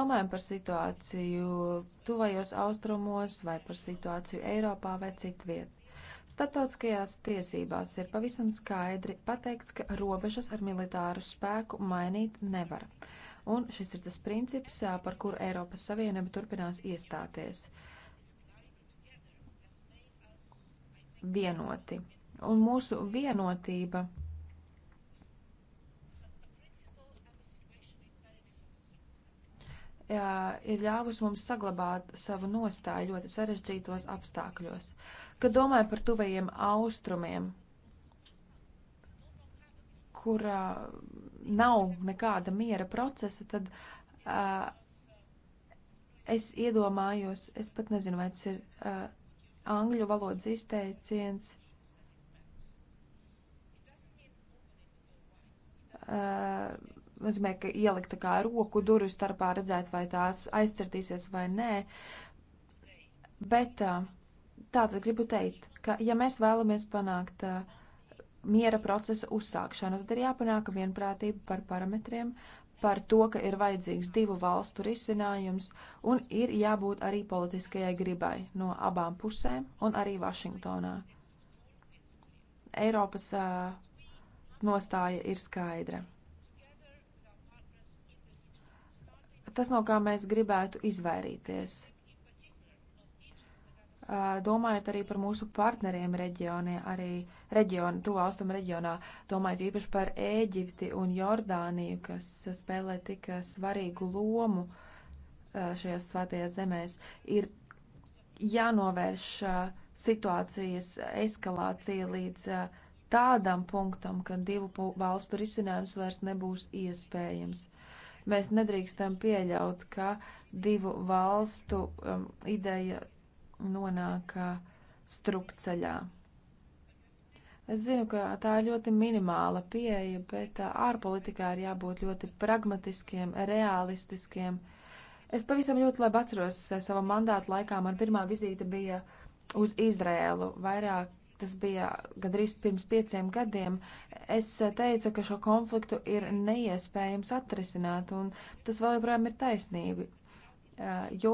Domājam par situāciju tuvajos austrumos vai par situāciju Eiropā vai citviet. Startautiskajās tiesībās ir pavisam skaidri pateikts, ka robežas ar militāru spēku mainīt nevar. Un šis ir tas princips, par kuru Eiropas Savienība turpinās iestāties. Vienoti. Un mūsu vienotība jā, ir ļāvusi mums saglabāt savu nostāju ļoti sarežģītos apstākļos. Kad domāju par tuvajiem austrumiem, kur uh, nav nekāda miera procesa, tad uh, es iedomājos, es pat nezinu, vai tas ir uh, angļu valodas izteiciens. Uh, nozīmē, ka ielikt kā roku durvju starpā redzēt, vai tās aizcirtīsies vai nē. Bet tā tad gribu teikt, ka ja mēs vēlamies panākt miera procesa uzsākšanu, tad ir jāpanāk vienprātība par parametriem, par to, ka ir vajadzīgs divu valstu risinājums un ir jābūt arī politiskajai gribai no abām pusēm un arī Vašingtonā. Eiropas nostāja ir skaidra. tas, no kā mēs gribētu izvairīties. Domājot arī par mūsu partneriem reģionie, arī reģionu, tuvā austrumu reģionā, domājot īpaši par Ēģipti un Jordāniju, kas spēlē tik svarīgu lomu šajās svētajās zemēs, ir jānovērš situācijas eskalācija līdz tādam punktam, ka divu valstu risinājums vairs nebūs iespējams. Uh, Mēs nedrīkstam pieļaut, ka divu valstu um, ideja nonāk uh, strupceļā. Es zinu, ka tā ir ļoti minimāla pieeja, bet uh, ārpolitikā ir jābūt ļoti pragmatiskiem, realistiskiem. Es pavisam ļoti labi atceros uh, savu mandātu laikā. Man pirmā vizīte bija uz Izrēlu. Vairāk tas bija gadrīz pirms pieciem gadiem, es teicu, ka šo konfliktu ir neiespējams atrisināt, un tas vēl joprojām ir taisnība, eh, jo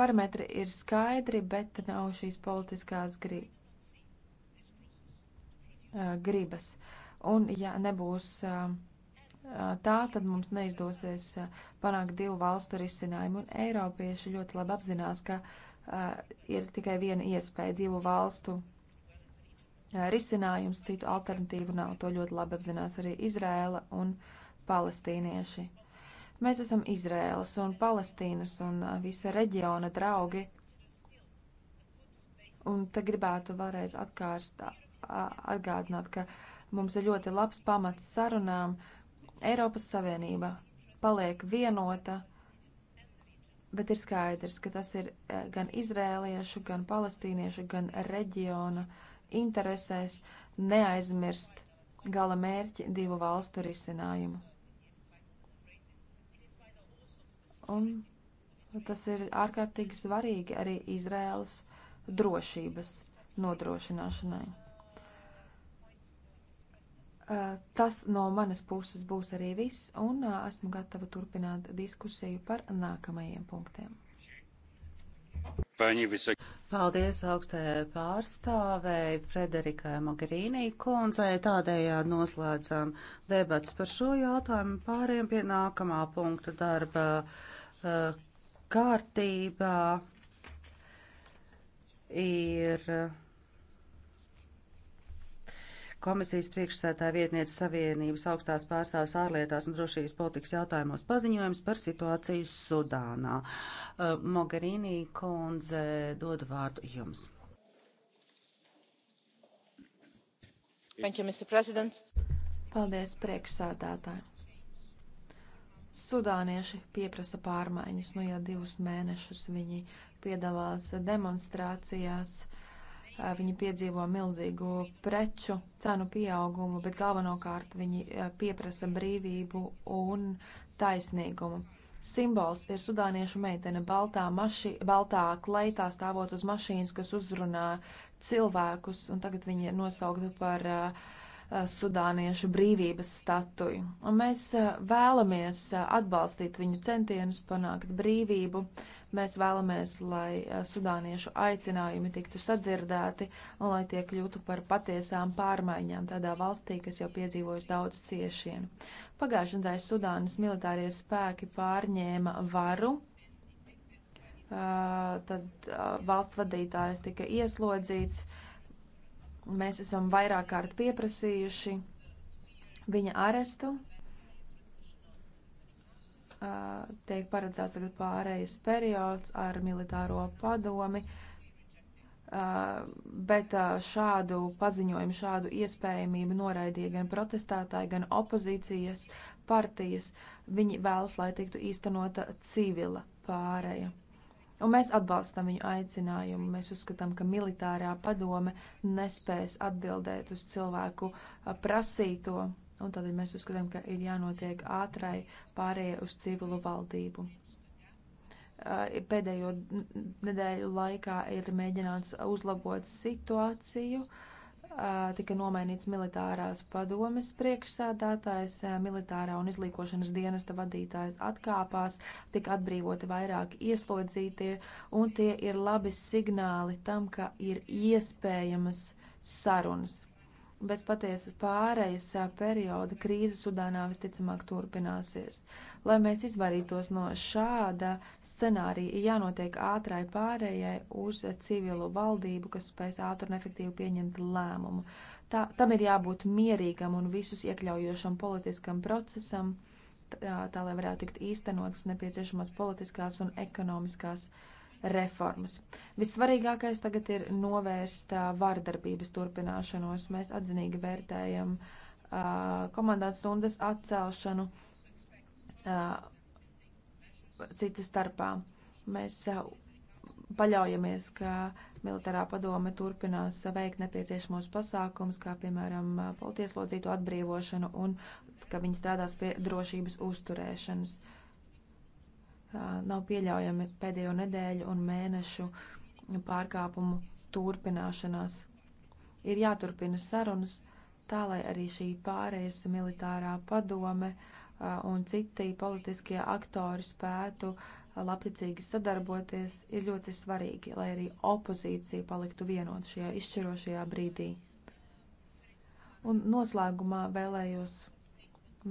parametri ir skaidri, bet nav šīs politiskās gri eh, gribas. Un ja nebūs eh, tā, tad mums neizdosies panākt divu valstu risinājumu, un eiropieši ļoti labi apzinās, ka ir tikai viena iespēja divu valstu risinājumu Eh, risinājums, citu alternatīvu nav. To ļoti labi apzinās arī Izrēla un palestīnieši. Mēs esam Izrēlas un Palestīnas un eh, visa reģiona draugi. Un te gribētu vēlreiz atkārst, atgādināt, ka mums ir ļoti labs pamats sarunām. Eiropas Savienība paliek vienota, bet ir skaidrs, ka tas ir eh, gan izrēliešu, gan palestīniešu, gan reģiona uh, interesēs neaizmirst gala mērķi divu valstu risinājumu. Un tas ir ārkārtīgi svarīgi arī Izraēlas drošības nodrošināšanai. Tas no manas puses būs arī viss, un esmu gatava turpināt diskusiju par nākamajiem punktiem. Paldies augstajai pārstāvēji Frederikai Mogherīnī kundzei. Tādējādi noslēdzam debats par šo jautājumu. Pāriem pie nākamā punkta darba eh, kārtībā ir komisijas priekšsētāja vietniece Savienības augstās pārstāvis ārlietās un drošības politikas jautājumos paziņojums par situāciju Sudānā. Uh, Mogherini kundze dod vārdu jums. Thank you, Mr. President. Paldies, priekšsēdētāji. Sudānieši pieprasa pārmaiņas, nu jau divus mēnešus viņi piedalās demonstrācijās. Uh, Eh, viņi piedzīvo milzīgu preču cenu pieaugumu, bet galvenokārt viņi eh, pieprasa brīvību un taisnīgumu. Simbols ir sudāniešu meitene baltā, maši, baltā kleitā stāvot uz mašīnas, kas uzrunā cilvēkus, un tagad viņa ir nosaukta par uh, sudāniešu brīvības statuju. Un mēs uh, vēlamies uh, atbalstīt viņu centienus panākt brīvību. Uh, Mēs vēlamies, lai eh, sudāniešu aicinājumi tiktu sadzirdēti un lai tie kļūtu par patiesām pārmaiņām tādā valstī, kas jau piedzīvojas daudz ciešiem. Pagājušajā nedēļā Sudānas militārie spēki pārņēma varu. Eh, tad eh, valsts vadītājs tika ieslodzīts. Mēs esam vairāk kārt pieprasījuši viņa arestu tiek paredzēts tagad pārējais periods ar militāro padomi, bet šādu paziņojumu, šādu iespējamību noraidīja gan protestētāji, gan opozīcijas partijas. Viņi vēlas, lai tiktu īstenota civila pārēja. Un mēs atbalstam viņu aicinājumu. Mēs uzskatām, ka militārā padome nespēs atbildēt uz cilvēku prasīto Un tādēļ mēs uzskatām, ka ir jānotiek ātrai pārējai uz civilu valdību. Pēdējo nedēļu laikā ir mēģināts uzlabot situāciju. Tika nomainīts militārās padomes priekšsēdētājs, militārā un izlīkošanas dienesta vadītājs atkāpās, tika atbrīvoti vairāki ieslodzītie, un tie ir labi signāli tam, ka ir iespējamas sarunas bez patiesas pārējas perioda krīze Sudānā visticamāk turpināsies. Lai mēs izvairītos no šāda scenārija, jānotiek ātrai pārējai uz civilu valdību, kas spēs ātri un efektīvi pieņemt lēmumu. Tā, tam ir jābūt mierīgam un visus iekļaujošam politiskam procesam, tā, tā lai varētu tikt īstenotas nepieciešamās politiskās un ekonomiskās uh, reformas. Vissvarīgākais tagad ir novērst vārdarbības turpināšanos. Mēs atzinīgi vērtējam uh, komandāts stundas atcelšanu uh, citas starpā. Mēs uh, paļaujamies, ka militārā padome turpinās veikt nepieciešamos pasākums, kā piemēram politieslodzītu atbrīvošanu un ka viņi strādās pie drošības uzturēšanas. Uh, nav pieļaujami pēdējo nedēļu un mēnešu pārkāpumu turpināšanās. Ir jāturpina sarunas tā, lai arī šī pārējais militārā padome un citi politiskie aktori spētu labticīgi sadarboties, ir ļoti svarīgi, lai arī opozīcija paliktu vienot šajā izšķirošajā brīdī. Un noslēgumā vēlējos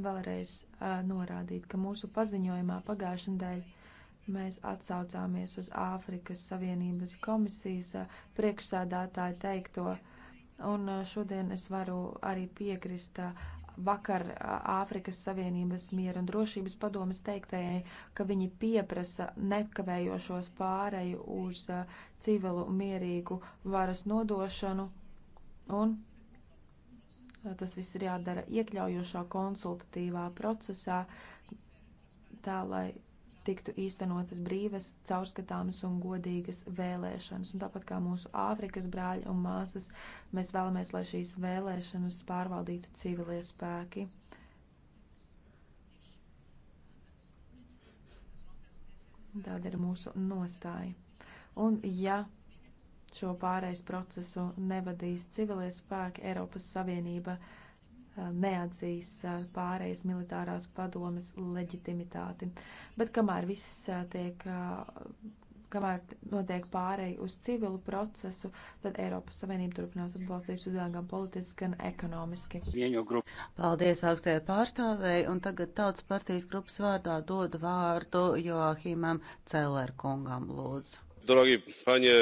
vēlreiz uh, norādīt, ka mūsu paziņojumā pagājušajā nedēļā Mēs atsaucāmies uz Āfrikas Savienības komisijas eh, priekšsādātāju teikto, un eh, šodien es varu arī piekrist eh, vakar Āfrikas Savienības miera un drošības padomas teiktējai, ka viņi pieprasa nekavējošos pāreju uz civilu mierīgu varas nodošanu, un tas viss ir jādara iekļaujošā konsultatīvā procesā, tā lai tiktu īstenotas brīvas, caurskatāmas un godīgas vēlēšanas. Un tāpat kā mūsu Āfrikas brāļi un māsas, mēs vēlamies, lai šīs vēlēšanas pārvaldītu civilie spēki. Tāda ir mūsu nostāja. Un ja šo pārejas procesu nevadīs civilie spēki, Eiropas Savienība uh, neatzīs pārējais militārās padomes leģitimitāti. Bet kamēr viss tiek, kamēr notiek pārēj uz civilu procesu, tad Eiropas Savienība turpinās atbalstīt Sudānu gan politiski, gan ekonomiski. Paldies augstajai pārstāvēji, un tagad Tautas partijas grupas vārdā dod vārdu Joahimam Celerkungam, lūdzu. Drogi, paņē,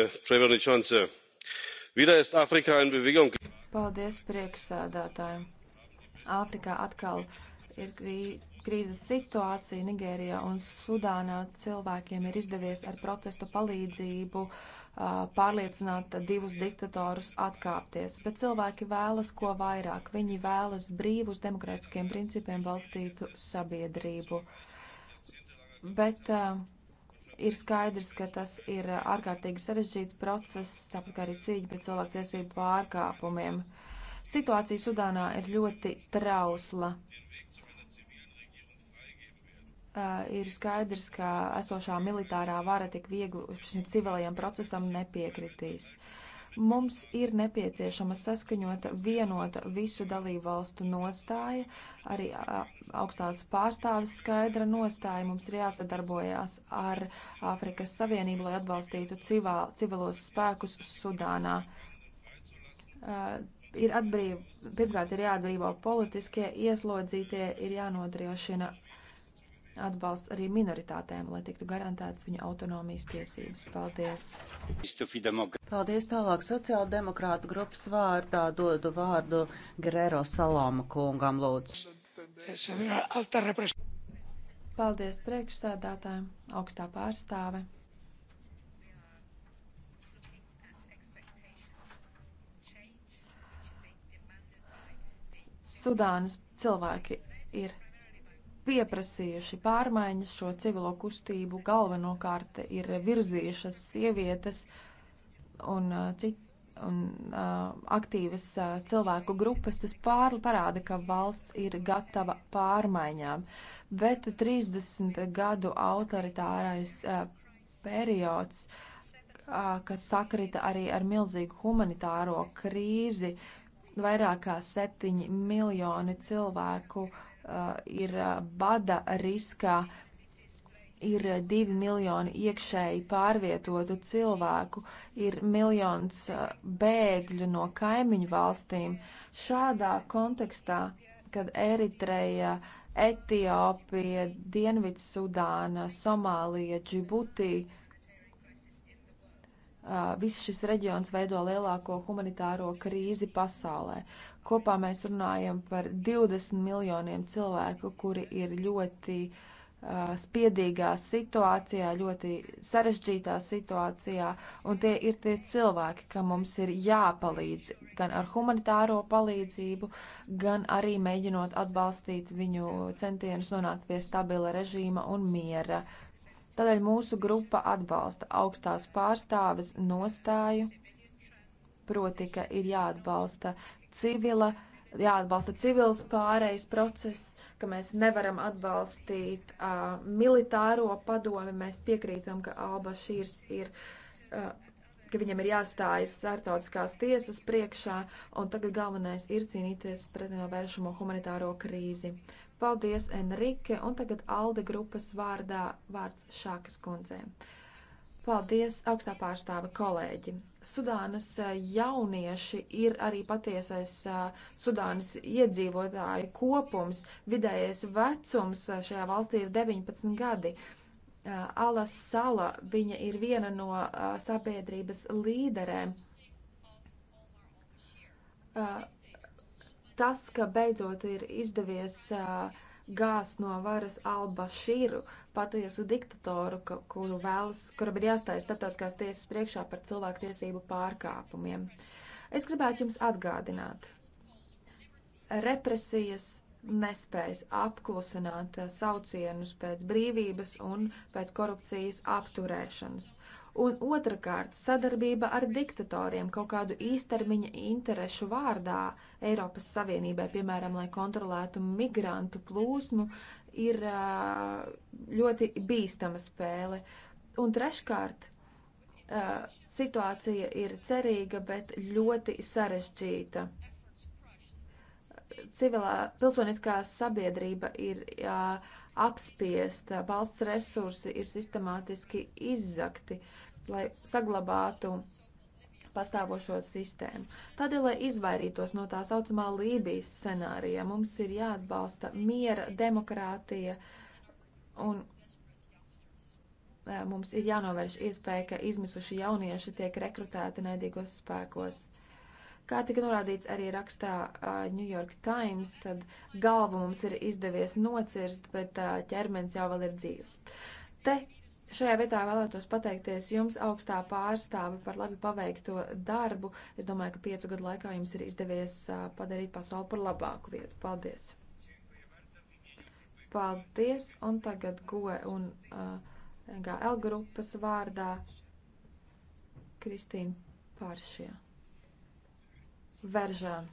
Paldies priekšsēdētājiem! Āfrikā atkal ir krīzes situācija Nigērijā un Sudānā. Cilvēkiem ir izdevies ar protestu palīdzību pārliecināt divus diktatorus atkāpties. Bet cilvēki vēlas ko vairāk. Viņi vēlas brīvus demokrātiskiem principiem balstītu sabiedrību. Bet uh, ir skaidrs, ka tas ir ārkārtīgi sarežģīts process, tāpat kā arī cīņa pret cilvēktiesību pārkāpumiem. Uh, Situācija Sudānā ir ļoti trausla. Uh, ir skaidrs, ka esošā militārā vara tik viegli šim civilajam procesam nepiekritīs. Mums ir nepieciešama saskaņota, vienota visu dalību valstu nostāja, arī uh, augstās pārstāvis skaidra nostāja. Mums ir jāsadarbojās ar Āfrikas Savienību, lai atbalstītu civā, civilos spēkus Sudānā. Uh, ir atbrīv, pirmkārt ir jāatbrīvo politiskie ieslodzītie, ir jānodrošina atbalsts arī minoritātēm, lai tiktu garantēts viņu autonomijas tiesības. Paldies! Paldies tālāk sociāldemokrātu grupas vārdā dodu vārdu Gerero Salama kungam lūdzu. Paldies priekšsēdātājiem, augstā pārstāve. Sudānas cilvēki ir pieprasījuši pārmaiņas šo civilo kustību, galvenokārt ir virzījušas sievietes un, uh, cit, un uh, aktīvas uh, cilvēku grupas. Tas pār, parāda, ka valsts ir gatava pārmaiņām, bet 30 gadu autoritārais uh, periods, uh, kas sakrita arī ar milzīgu humanitāro krīzi, uh, Vairāk kā 7 miljoni cilvēku uh, ir uh, bada riskā, ir 2 miljoni iekšēji pārvietotu cilvēku, ir miljons uh, bēgļu no kaimiņu valstīm. Šādā kontekstā, kad Eritreja uh, Etiopija, Dienvidsudāna, Somālija, Džibutija viss šis reģions veido lielāko humanitāro krīzi pasaulē. Kopā mēs runājam par 20 miljoniem cilvēku, kuri ir ļoti uh, spiedīgā situācijā, ļoti sarežģītā situācijā, un tie ir tie cilvēki, kam mums ir jāpalīdz gan ar humanitāro palīdzību, gan arī mēģinot atbalstīt viņu centienus nonākt pie stabila režīma un miera. Uh, Tādēļ mūsu grupa atbalsta augstās pārstāves nostāju, proti, ka ir jāatbalsta civila, jāatbalsta civils pārejas process, ka mēs nevaram atbalstīt uh, militāro padomi. Mēs piekrītam, ka Alba Šīrs ir. Uh, ka viņam ir jāstājas startautiskās tiesas priekšā, un tagad galvenais ir cīnīties pret novēršamo humanitāro krīzi. Paldies, Enrike, un tagad Alde grupas vārdā vārds Šākas kundzēm. Paldies, augstā pārstāve kolēģi. Sudānas eh, jaunieši ir arī patiesais eh, Sudānas iedzīvotāju kopums. Vidējais vecums eh, šajā valstī ir 19 gadi. Ala Sala, viņa ir viena no sabiedrības līderēm. Tas, ka beidzot ir izdevies uh, gāzt no varas Albašīru, patiesu diktatoru, ka, kuru vēlas, kuram ir jāstājas starptautiskās tiesas priekšā par cilvēktiesību pārkāpumiem. Es gribētu jums atgādināt, represijas nespējas apklusināt saucienus pēc brīvības un pēc korupcijas apturēšanas un otrkārt sadarbība ar diktatoriem kaut kādu īstermiņa interešu vārdā Eiropas Savienībai, piemēram, lai kontrolētu migrantu plūsmu, ir ļoti bīstama spēle. Un treškārt, situācija ir cerīga, bet ļoti sarežģīta. Civilā pilsoniskā sabiedrība ir jā, apspiesta, valsts resursi ir sistemātiski izzakti, lai saglabātu pastāvošo sistēmu. Tādēļ, lai izvairītos no tā saucamā Lībijas scenārija, mums ir jāatbalsta miera, demokrātija un mums ir jānovērš iespēja, ka izmisuši jaunieši tiek rekrutēti naidīgos spēkos. Kā tika norādīts arī rakstā uh, New York Times, tad galvu mums ir izdevies nocirst, bet uh, ķermenis jau vēl ir dzīves. Te šajā vietā vēlētos pateikties jums augstā pārstāve par labi paveikto darbu. Es domāju, ka piecu gadu laikā jums ir izdevies uh, padarīt pasauli par labāku vietu. Paldies! Paldies! Un tagad GOE un uh, GL grupas vārdā Kristīna Pāršie. Veržāna.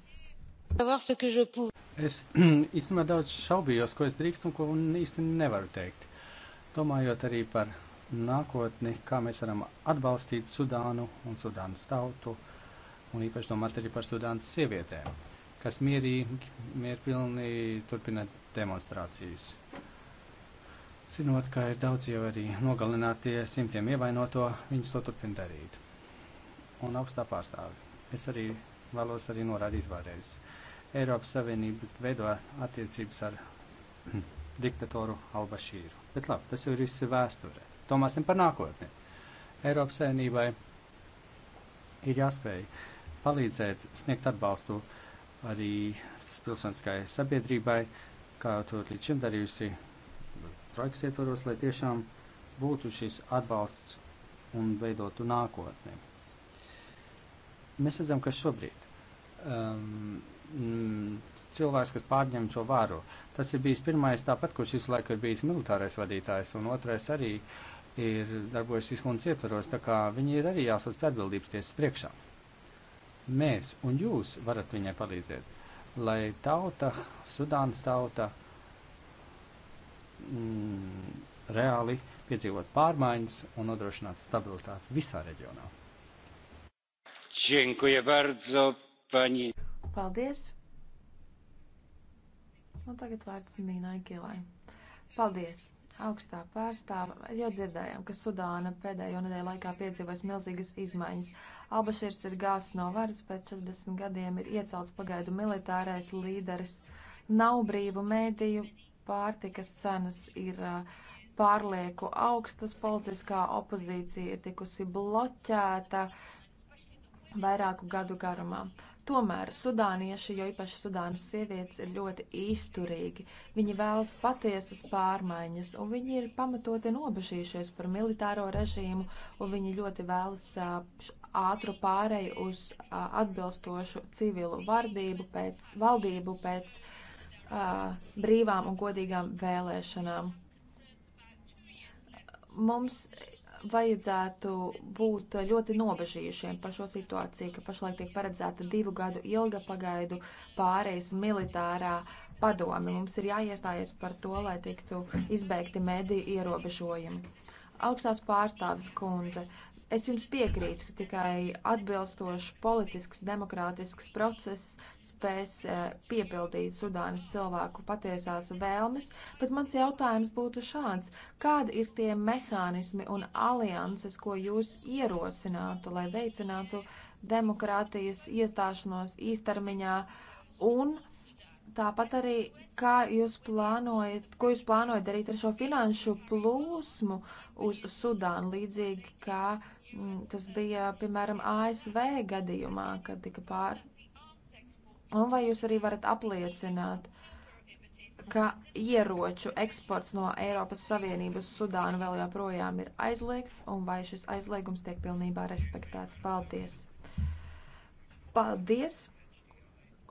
Es īstenībā daudz šaubījos, ko es drīkstu un ko īstenībā nevaru teikt. Domājot arī par nākotni, kā mēs varam atbalstīt Sudānu un Sudānas tautu, un īpaši domāt arī par Sudānas sievietēm, kas mierīgi, mierpilni turpina demonstrācijas. Zinot, ka ir daudz jau arī nogalinātie simtiem ievainoto, viņas to turpina darīt. Un augstā pārstāvi. Es arī vēlos arī norādīt vēlreiz. Eiropas Savienība veido attiecības ar diktatoru Albašīru. Bet labi, tas jau ir viss vēsture. Domāsim par nākotni. Eiropas Savienībai ir jāspēj palīdzēt sniegt atbalstu arī pilsoniskai sabiedrībai, kā to līdz šim darījusi trojkas ietvaros, lai tiešām būtu šis atbalsts un veidotu nākotni. Mēs redzam, ka šobrīd um, mm, cilvēks, kas pārņem šo varu. Tas ir bijis pirmais tāpat, kurš visu laiku ir bijis militārais vadītājs, un otrais arī ir darbojies izkundas ietvaros, tā kā viņi ir arī jāsauc pie atbildības tiesas priekšā. Mēs un jūs varat viņai palīdzēt, lai tauta, Sudānas tauta, mm, reāli piedzīvot pārmaiņas un nodrošināt stabilitāti visā reģionā. Dziękuję bardzo Paņi. Paldies. Un tagad vārds Nīnai Kilai. Paldies augstā pārstāva. Mēs jau dzirdējām, ka Sudāna pēdējo nedēļu laikā piedzīvojas milzīgas izmaiņas. Albašīrs ir gāzis no varas, pēc 40 gadiem ir iecelts pagaidu militārais līderis. Nav brīvu mēdīju, pārtikas cenas ir pārlieku augstas, politiskā opozīcija ir tikusi bloķēta vairāku gadu garumā. Uh, Tomēr sudānieši, jo īpaši sudānas sievietes, ir ļoti izturīgi. Viņi vēlas patiesas pārmaiņas, un viņi ir pamatoti nobežījušies par militāro režīmu, un viņi ļoti vēlas ātru pāreju uz atbilstošu civilu vardību pēc valdību, pēc uh, brīvām un godīgām vēlēšanām. Mums vajadzētu būt ļoti nobežījušiem par šo situāciju, ka pašlaik tiek paredzēta divu gadu ilga pagaidu pārejas militārā padome. Mums ir jāiestājas par to, lai tiktu izbeigti mediju ierobežojumi. Augstās pārstāvis kundze, Es jums piekrītu, ka tikai atbilstošs politisks, demokrātisks process spēs eh, piepildīt Sudānas cilvēku patiesās vēlmes, bet mans jautājums būtu šāds. Kādi ir tie mehānismi un alianses, ko jūs ierosinātu, lai veicinātu demokrātijas iestāšanos īstermiņā un tāpat arī, kā jūs plānojat, ko jūs plānojat darīt ar šo finanšu plūsmu uz Sudānu, līdzīgi kā Mm, kas bija, piemēram, ASV gadījumā, kad tika pār. Un vai jūs arī varat apliecināt, ka ieroču eksports no Eiropas Savienības Sudānu vēl joprojām ir aizliegts, un vai šis aizliegums tiek pilnībā respektēts? Paldies! Paldies!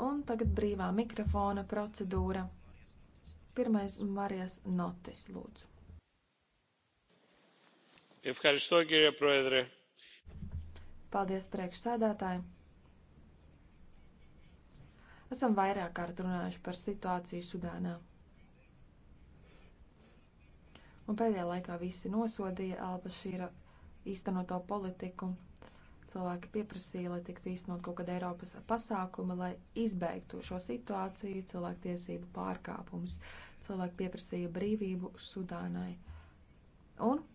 Un tagad brīvā mikrofona procedūra. Pirmais Marijas Notis, lūdzu. Paldies, priekšsēdētāji! Esam vairāk kārt runājuši par situāciju Sudānā. Un pēdējā laikā visi nosodīja Albašīra īstenoto politiku. Cilvēki pieprasīja, lai tiktu īstenot kaut kāda Eiropas pasākuma, lai izbeigtu šo situāciju, cilvēktiesību pārkāpumus. Cilvēki pieprasīja brīvību Sudānai. Un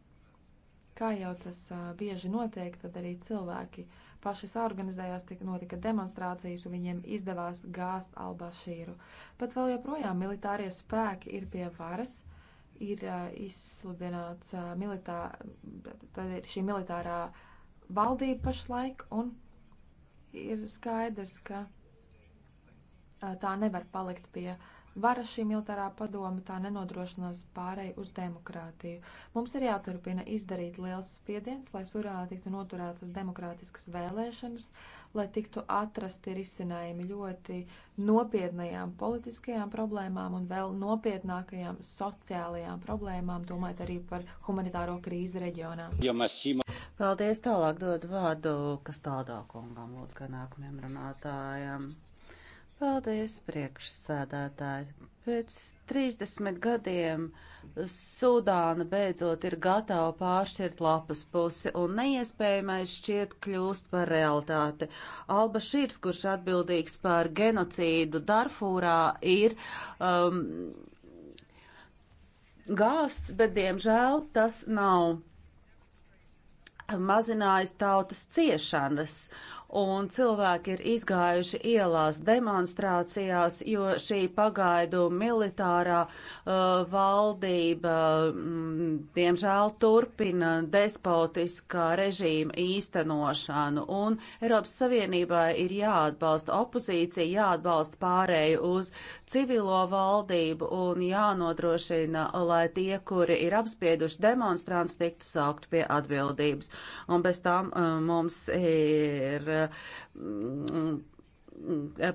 Kā jau tas uh, bieži notiek, tad arī cilvēki paši saorganizējās, tika notika demonstrācijas, un viņiem izdevās gāzt Albašīru. Pat vēl joprojām militārie spēki ir pie varas, ir uh, izsludināts uh, militā, tad ir šī militārā valdība pašlaik, un ir skaidrs, ka uh, tā nevar palikt pie uh, Vara šī militārā padoma tā nenodrošinās pārēju uz demokrātiju. Mums ir jāturpina izdarīt liels spiediens, lai Surā tiktu noturētas demokrātiskas vēlēšanas, lai tiktu atrasti risinājumi ļoti nopietnajām politiskajām problēmām un vēl nopietnākajām sociālajām problēmām, domājot arī par humanitāro krīzi reģionā. Paldies, tālāk dod vārdu, kas tādā kungam, lūdzu, kā nākamajam runātājam. Paldies, priekšsēdētāji. Pēc 30 gadiem Sudāna beidzot ir gatava pāršķirt lapas pusi, un neiespējamais šķiet kļūst par realitāti. Alba Šīrs, kurš atbildīgs par genocīdu Darfūrā, ir. Um, Gāsts, bet diemžēl tas nav mazinājis tautas ciešanas. Uh, un cilvēki ir izgājuši ielās demonstrācijās, jo šī pagaidu militārā uh, valdība, mm, diemžēl, turpina despotiskā režīma īstenošanu, un Eiropas Savienībai ir jāatbalsta opozīcija, jāatbalsta pārēju uz civilo valdību un jānodrošina, lai tie, kuri ir apspieduši demonstrants, tiktu saukt pie atbildības. Un bez tām uh, mums ir Mm,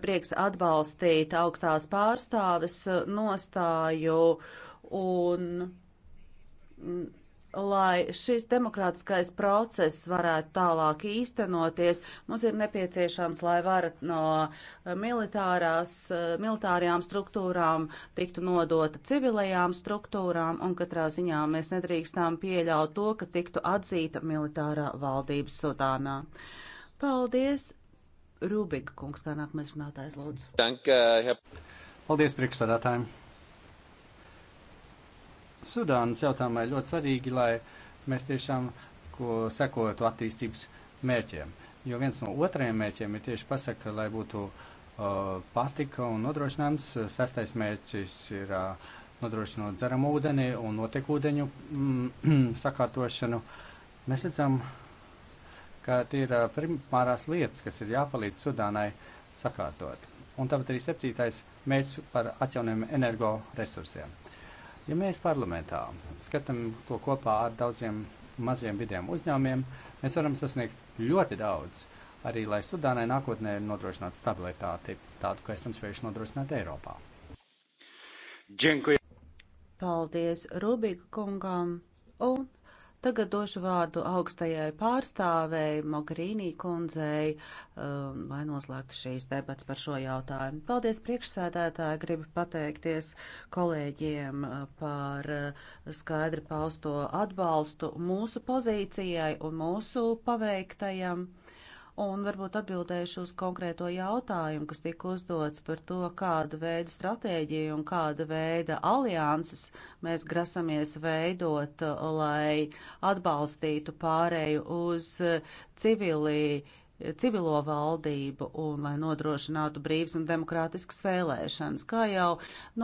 prieks atbalstīt augstās pārstāves uh, nostāju un mm, lai šis demokrātiskais process varētu tālāk īstenoties, mums ir nepieciešams, lai vara no uh, militārās, uh, militārajām struktūrām tiktu nodota civilajām struktūrām, un katrā ziņā mēs nedrīkstām pieļaut to, ka tiktu atzīta militārā valdības Sudānā. Paldies! Rūbika kungs, tā nākamais runātājs, lūdzu. Danke, ja... Paldies, priekšsādātājiem! Sudānas jautājumā ir ļoti svarīgi, lai mēs tiešām sekotu attīstības mērķiem. Jo viens no otrajiem mērķiem ir tieši pasaka, lai būtu uh, pārtika un nodrošinājums. Sestais mērķis ir uh, nodrošinot dzeramu ūdeni un notekūdeņu mm, sakārtošanu. Mēs redzam, uh, ka tie ir primārās lietas, kas ir jāpalīdz Sudānai sakārtot. Un tāpat arī septītais mērķis par atjaunojumiem energoresursiem. Ja mēs parlamentā skatām to kopā ar daudziem maziem vidiem uzņēmumiem, mēs varam sasniegt ļoti daudz, arī lai Sudānai nākotnē nodrošinātu stabilitāti, tādu, kā esam spējuši nodrošināt Eiropā. Džinkuja. Paldies Rubika kungam un Tagad došu vārdu augstajai pārstāvēji Mogrīnī kundzei, um, lai noslēgtu šīs debats par šo jautājumu. Paldies priekšsēdētāji, gribu pateikties kolēģiem uh, par uh, skaidri pausto atbalstu mūsu pozīcijai un mūsu paveiktajam un varbūt atbildēšu uz konkrēto jautājumu, kas tika uzdots par to, kādu veidu stratēģiju un kāda veida alianses mēs grasamies veidot, lai atbalstītu pārēju uz civilī, civilo valdību un lai nodrošinātu brīvs un demokrātisks vēlēšanas, kā jau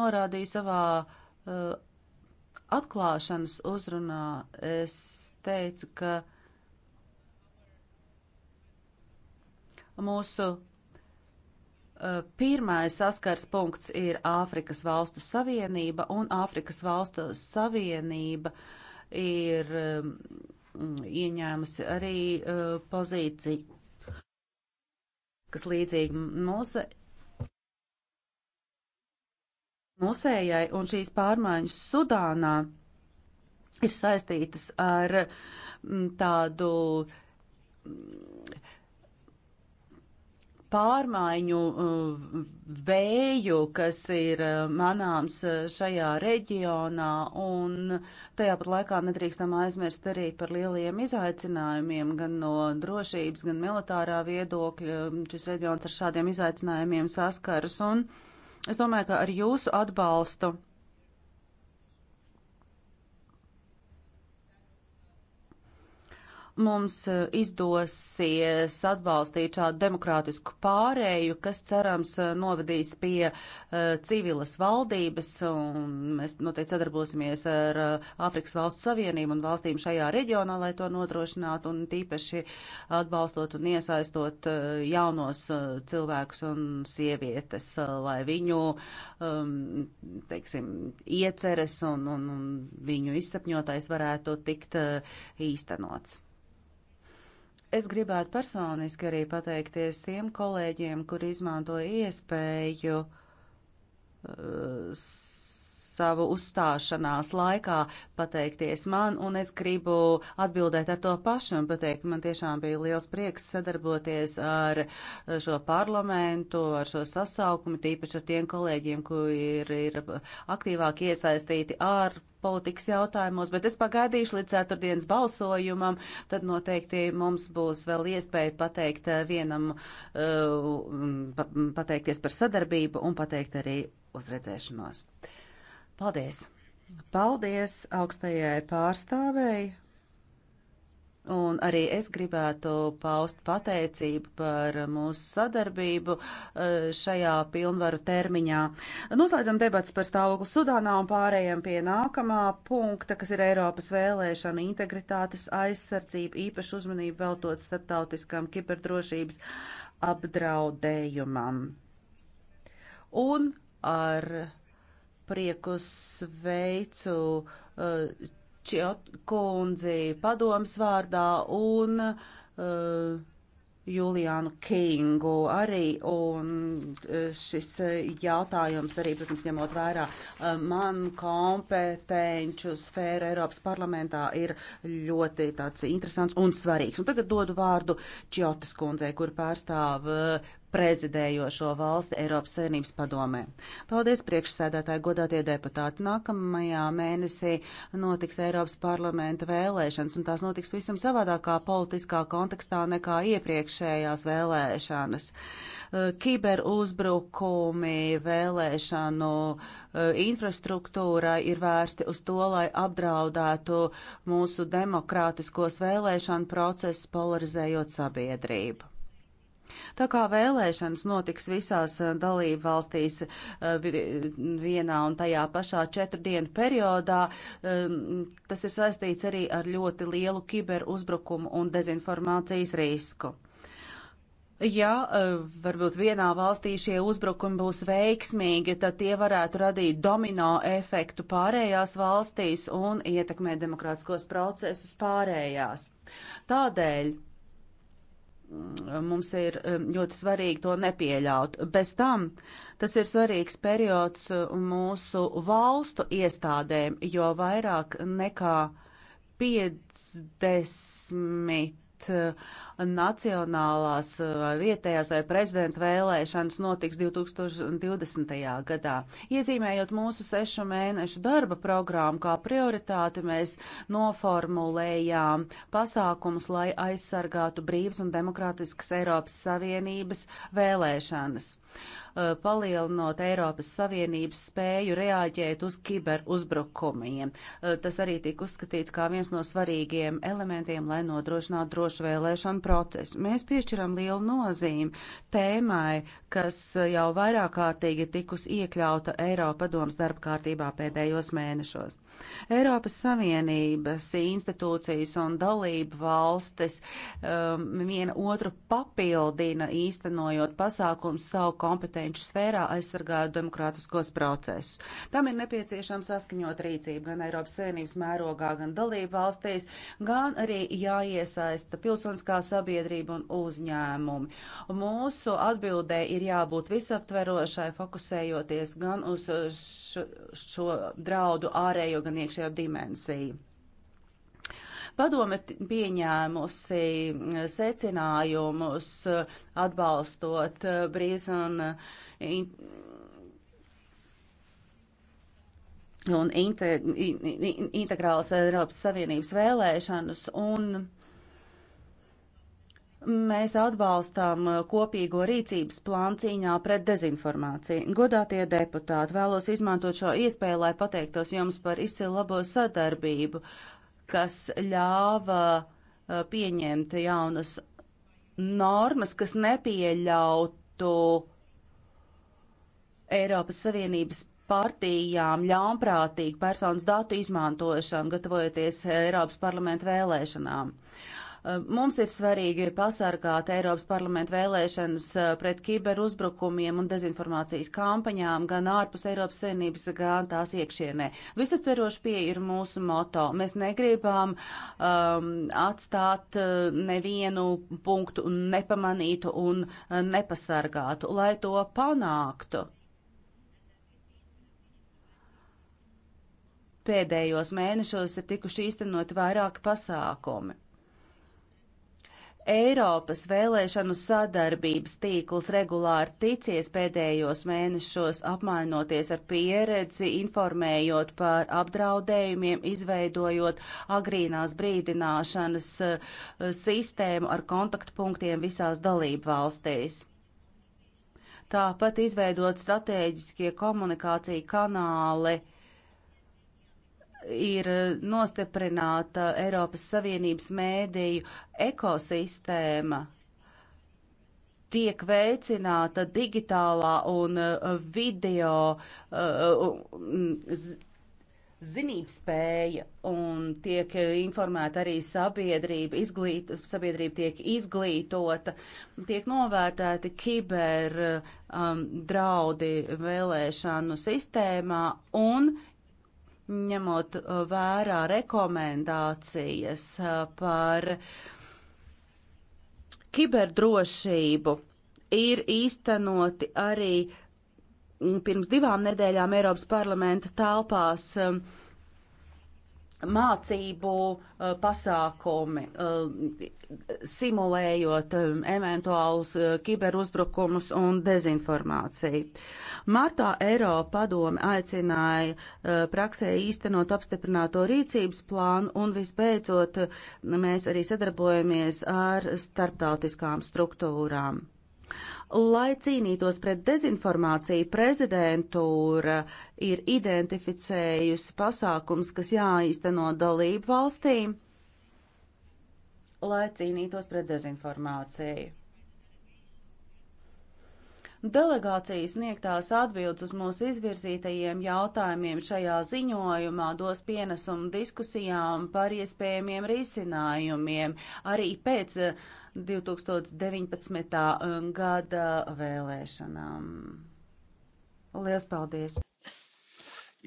norādīja savā uh, atklāšanas uzrunā. Es teicu, ka uh, mūsu pirmais saskars punkts ir Āfrikas valstu savienība, un Āfrikas valstu savienība ir ieņēmusi arī pozīciju, kas līdzīga mūsu musējai, un šīs pārmaiņas Sudānā ir saistītas ar tādu pārmaiņu uh, vēju, kas ir uh, manāms uh, šajā reģionā, un tajā pat laikā nedrīkstam aizmirst arī par lieliem izaicinājumiem, gan no drošības, gan militārā viedokļa. Šis reģions ar šādiem izaicinājumiem saskaras, un es domāju, ka ar jūsu atbalstu mums e, izdosies atbalstīt šādu demokrātisku pārēju, kas cerams e, novadīs pie e, civilas valdības, un mēs noteikti sadarbosimies ar Āfrikas valstu savienību un valstīm šajā reģionā, lai to nodrošinātu, un tīpaši atbalstot un iesaistot jaunos cilvēkus un sievietes, lai viņu, teiksim, ieceres un, un, un viņu izsapņotais varētu tikt īstenots. Es gribētu personiski arī pateikties tiem kolēģiem, kuri izmantoja iespēju uh, savu uzstāšanās laikā pateikties man, un es gribu atbildēt ar to pašu un pateikt, man tiešām bija liels prieks sadarboties ar šo parlamentu, ar šo sasaukumu, tīpaši ar tiem kolēģiem, kuri ir, ir aktīvāk iesaistīti ar politikas jautājumos, bet es pagaidīšu līdz ceturtdienas balsojumam, tad noteikti mums būs vēl iespēja pateikt eh, vienam, eh, pateikties par sadarbību un pateikt arī uzredzēšanos. Paldies! Paldies augstajai pārstāvēji! Un arī es gribētu paust pateicību par mūsu sadarbību eh, šajā pilnvaru termiņā. Noslēdzam debats par stāvokli Sudānā un pārējiem pie nākamā punkta, kas ir Eiropas vēlēšana integritātes aizsardzība, īpašu uzmanību veltot starptautiskam kiberdrošības apdraudējumam. Un ar prieku sveicu uh, Čiot kundzi padoms vārdā un uh, Julianu Kingu arī, un uh, šis uh, jautājums arī, protams, ņemot vērā uh, man kompetenču sfēru Eiropas parlamentā ir ļoti tāds interesants un svarīgs. Un tagad dodu vārdu Čiotas kundzei, kur pārstāv prezidējošo valsti Eiropas Savienības padomē. Paldies priekšsēdētāji godātie deputāti. Nākamajā mēnesī notiks Eiropas parlamenta vēlēšanas, un tās notiks visam savādākā politiskā kontekstā nekā iepriekšējās vēlēšanas. Uh, Kiberuzbrukumi vēlēšanu uh, infrastruktūrai ir vērsti uz to, lai apdraudētu mūsu demokrātiskos vēlēšanu procesus, polarizējot sabiedrību. Tā kā vēlēšanas notiks visās eh, dalību valstīs eh, vienā un tajā pašā četru dienu periodā, eh, tas ir saistīts arī ar ļoti lielu kiberuzbrukumu un dezinformācijas risku. Ja varbūt vienā valstī šie uzbrukumi būs veiksmīgi, tad tie varētu radīt domino efektu pārējās valstīs un ietekmēt demokrātiskos procesus pārējās. Tādēļ mums ir um, ļoti svarīgi to nepieļaut. Bez tam tas ir svarīgs periods uh, mūsu valstu iestādēm, jo vairāk nekā 50 nacionālās, vietējās vai prezidenta vēlēšanas notiks 2020. gadā. Iezīmējot mūsu sešu mēnešu darba programmu kā prioritāti, mēs noformulējām pasākumus, lai aizsargātu brīvas un demokrātiskas Eiropas Savienības vēlēšanas eh, palielinot Eiropas Savienības spēju reaģēt uz kiberuzbrukumiem. Eh, tas arī tika uzskatīts kā viens no svarīgiem elementiem, lai nodrošinātu drošu vēlēšanu procesu. Mēs piešķiram lielu nozīmi tēmai, kas jau vairāk kārtīgi ir tikusi iekļauta Eiropa domas darba kārtībā pēdējos mēnešos. Eiropas Savienības institūcijas un dalību valstis um, viena otru papildina īstenojot pasākums savu kompetenci sfērā aizsargājot demokrātiskos procesus. Tam ir nepieciešama saskaņot rīcība gan Eiropas Savienības mērogā, gan dalību valstīs, gan arī jāiesaista pilsoniskās sabiedrība un uzņēmumi. Mūsu atbildē ir jābūt visaptverošai, fokusējoties gan uz šo, šo draudu ārējo, gan iekšējo dimensiju. Padome pieņēmusi secinājumus atbalstot brīz un un integrālas Eiropas Savienības vēlēšanas un Mēs atbalstām uh, kopīgo rīcības plānu cīņā pret dezinformāciju. Godātie deputāti, vēlos izmantot šo iespēju, lai pateiktos jums par izcilu labo sadarbību, kas ļāva uh, pieņemt jaunas normas, kas nepieļautu Eiropas Savienības partijām ļaunprātīgu personas datu izmantošanu, gatavojoties Eiropas parlamentu vēlēšanām. Uh, Mums ir svarīgi pasargāt Eiropas parlamentu vēlēšanas uh, pret kiberuzbrukumiem un dezinformācijas kampaņām gan ārpus Eiropas savienības, gan tās iekšienē. Visaptveroši pie ir mūsu moto. Mēs negribam um, atstāt uh, nevienu punktu nepamanītu un uh, nepasargātu. Lai to panāktu, Pēdējos mēnešos ir tikuši īstenot vairāki pasākumi. Eiropas vēlēšanu sadarbības tīkls regulāri ticies pēdējos mēnešos apmainoties ar pieredzi, informējot par apdraudējumiem, izveidojot agrīnās brīdināšanas eh, sistēmu ar kontaktpunktiem visās dalību valstīs. Tāpat izveidot strateģiskie komunikācija kanāli ir eh, nostiprināta Eiropas Savienības mēdīju ekosistēma, tiek veicināta digitālā un eh, video eh, zinībspēja un tiek informēta arī sabiedrība, izglīt, sabiedrība tiek izglītota, tiek novērtēti kiber um, draudi vēlēšanu sistēmā un ņemot uh, vērā rekomendācijas uh, par kiberdrošību, ir īstenoti arī mm, pirms divām nedēļām Eiropas parlamenta telpās uh, mācību eh, pasākumi, eh, simulējot eh, eventuālus kiberuzbrukumus un dezinformāciju. Martā Eiropa padome aicināja praksē īstenot apstiprināto rīcības plānu un visbeidzot mēs arī sadarbojamies ar starptautiskām struktūrām. Lai cīnītos pret dezinformāciju, prezidentūra ir identificējusi pasākums, kas jāīsteno dalību valstīm, lai cīnītos pret dezinformāciju. Delegācijas sniegtās atbildes uz mūsu izvirzītajiem jautājumiem šajā ziņojumā dos pienesumu diskusijām par iespējamiem risinājumiem arī pēc 2019. Eh, eh, gada vēlēšanām. Lielas paldies!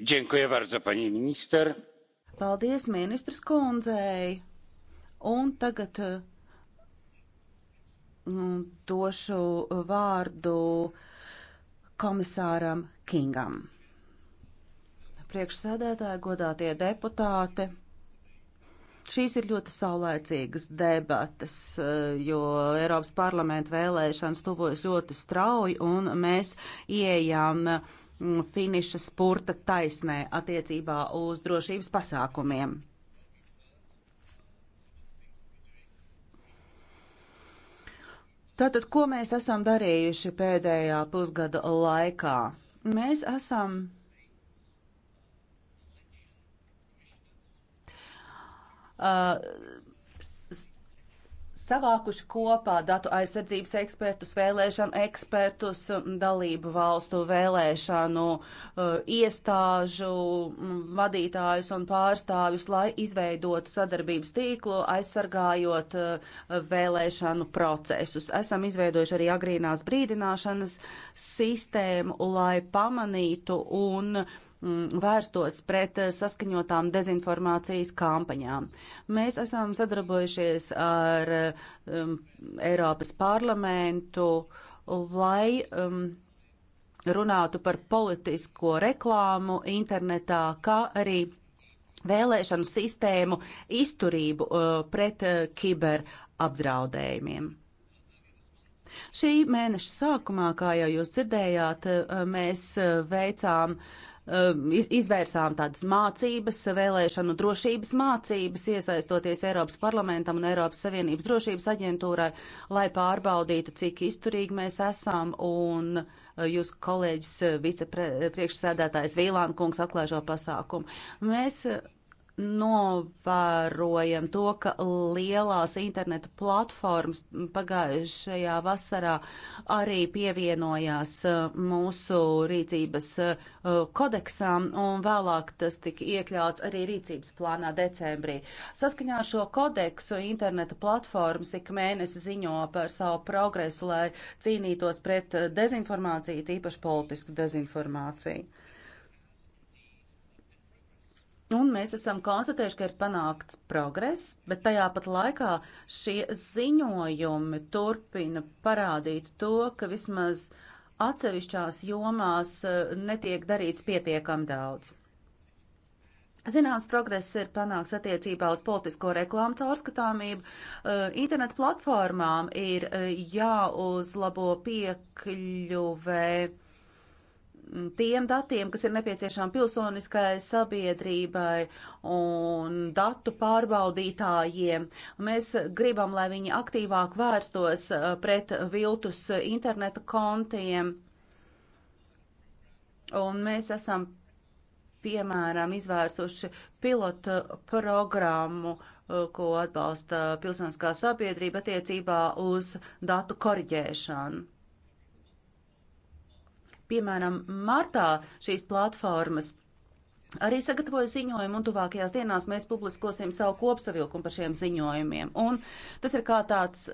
Dziękuję bardzo, pani minister! Paldies ministrs kundzei! Un tagad eh, došu vārdu komisāram Kingam. Priekšsēdētāji, godātie deputāti, šīs ir ļoti saulēcīgas debatas, jo Eiropas parlamenta vēlēšanas tuvojas ļoti strauji un mēs ieejam finiša spurta taisnē attiecībā uz drošības pasākumiem. Tātad, ko mēs esam darījuši pēdējā pusgada laikā? Mēs esam uh, savākuši kopā datu aizsardzības ekspertus, vēlēšanu ekspertus, dalību valstu vēlēšanu e, iestāžu vadītājus un pārstāvjus, lai izveidotu sadarbības tīklu, aizsargājot e, vēlēšanu procesus. Esam izveidojuši arī agrīnās brīdināšanas sistēmu, lai pamanītu un Mm, vērstos pret eh, saskaņotām dezinformācijas kampaņām. Mēs esam sadarbojušies ar um, Eiropas parlamentu, lai um, runātu par politisko reklāmu internetā, kā arī vēlēšanu sistēmu izturību uh, pret uh, eh, kiberapdraudējumiem. Šī mēneša sākumā, kā jau jūs dzirdējāt, mēs veicām uh, Um, izvērsām tādas mācības, vēlēšanu drošības mācības, iesaistoties Eiropas parlamentam un Eiropas Savienības drošības aģentūrai, lai pārbaudītu, cik izturīgi mēs esam un uh, jūsu kolēģis uh, vicepriekšsēdētājs Vīlāna kungs atklāja šo pasākumu. Mēs uh, novērojam to, ka lielās interneta platformas pagājušajā vasarā arī pievienojās uh, mūsu rīcības uh, kodeksām, un vēlāk tas tika iekļauts arī rīcības plānā decembrī. Saskaņā ar šo kodeksu interneta platformas ik mēnesi ziņo par savu progresu, lai cīnītos pret uh, dezinformāciju, tīpaši politisku dezinformāciju. Un mēs esam konstatējuši, ka ir panākts progress, bet tajā pat laikā šie ziņojumi turpina parādīt to, ka vismaz atsevišķās jomās eh, netiek darīts pietiekam daudz. Zināms, progress ir panāks attiecībā uz politisko reklāmu caurskatāmību. Eh, Internet platformām ir eh, jāuzlabo piekļuvē tiem datiem, kas ir nepieciešami pilsoniskai sabiedrībai un datu pārbaudītājiem. Mēs gribam, lai viņi aktīvāk vērstos uh, pret viltus interneta kontiem. Un mēs esam, piemēram, izvērsuši pilotu programmu, uh, ko atbalsta pilsoniskā sabiedrība attiecībā uz datu koriģēšanu. Piemēram, martā šīs platformas arī sagatavoju ziņojumu, un tuvākajās dienās mēs publiskosim savu kopsavilkumu par šiem ziņojumiem. Un tas ir kā tāds.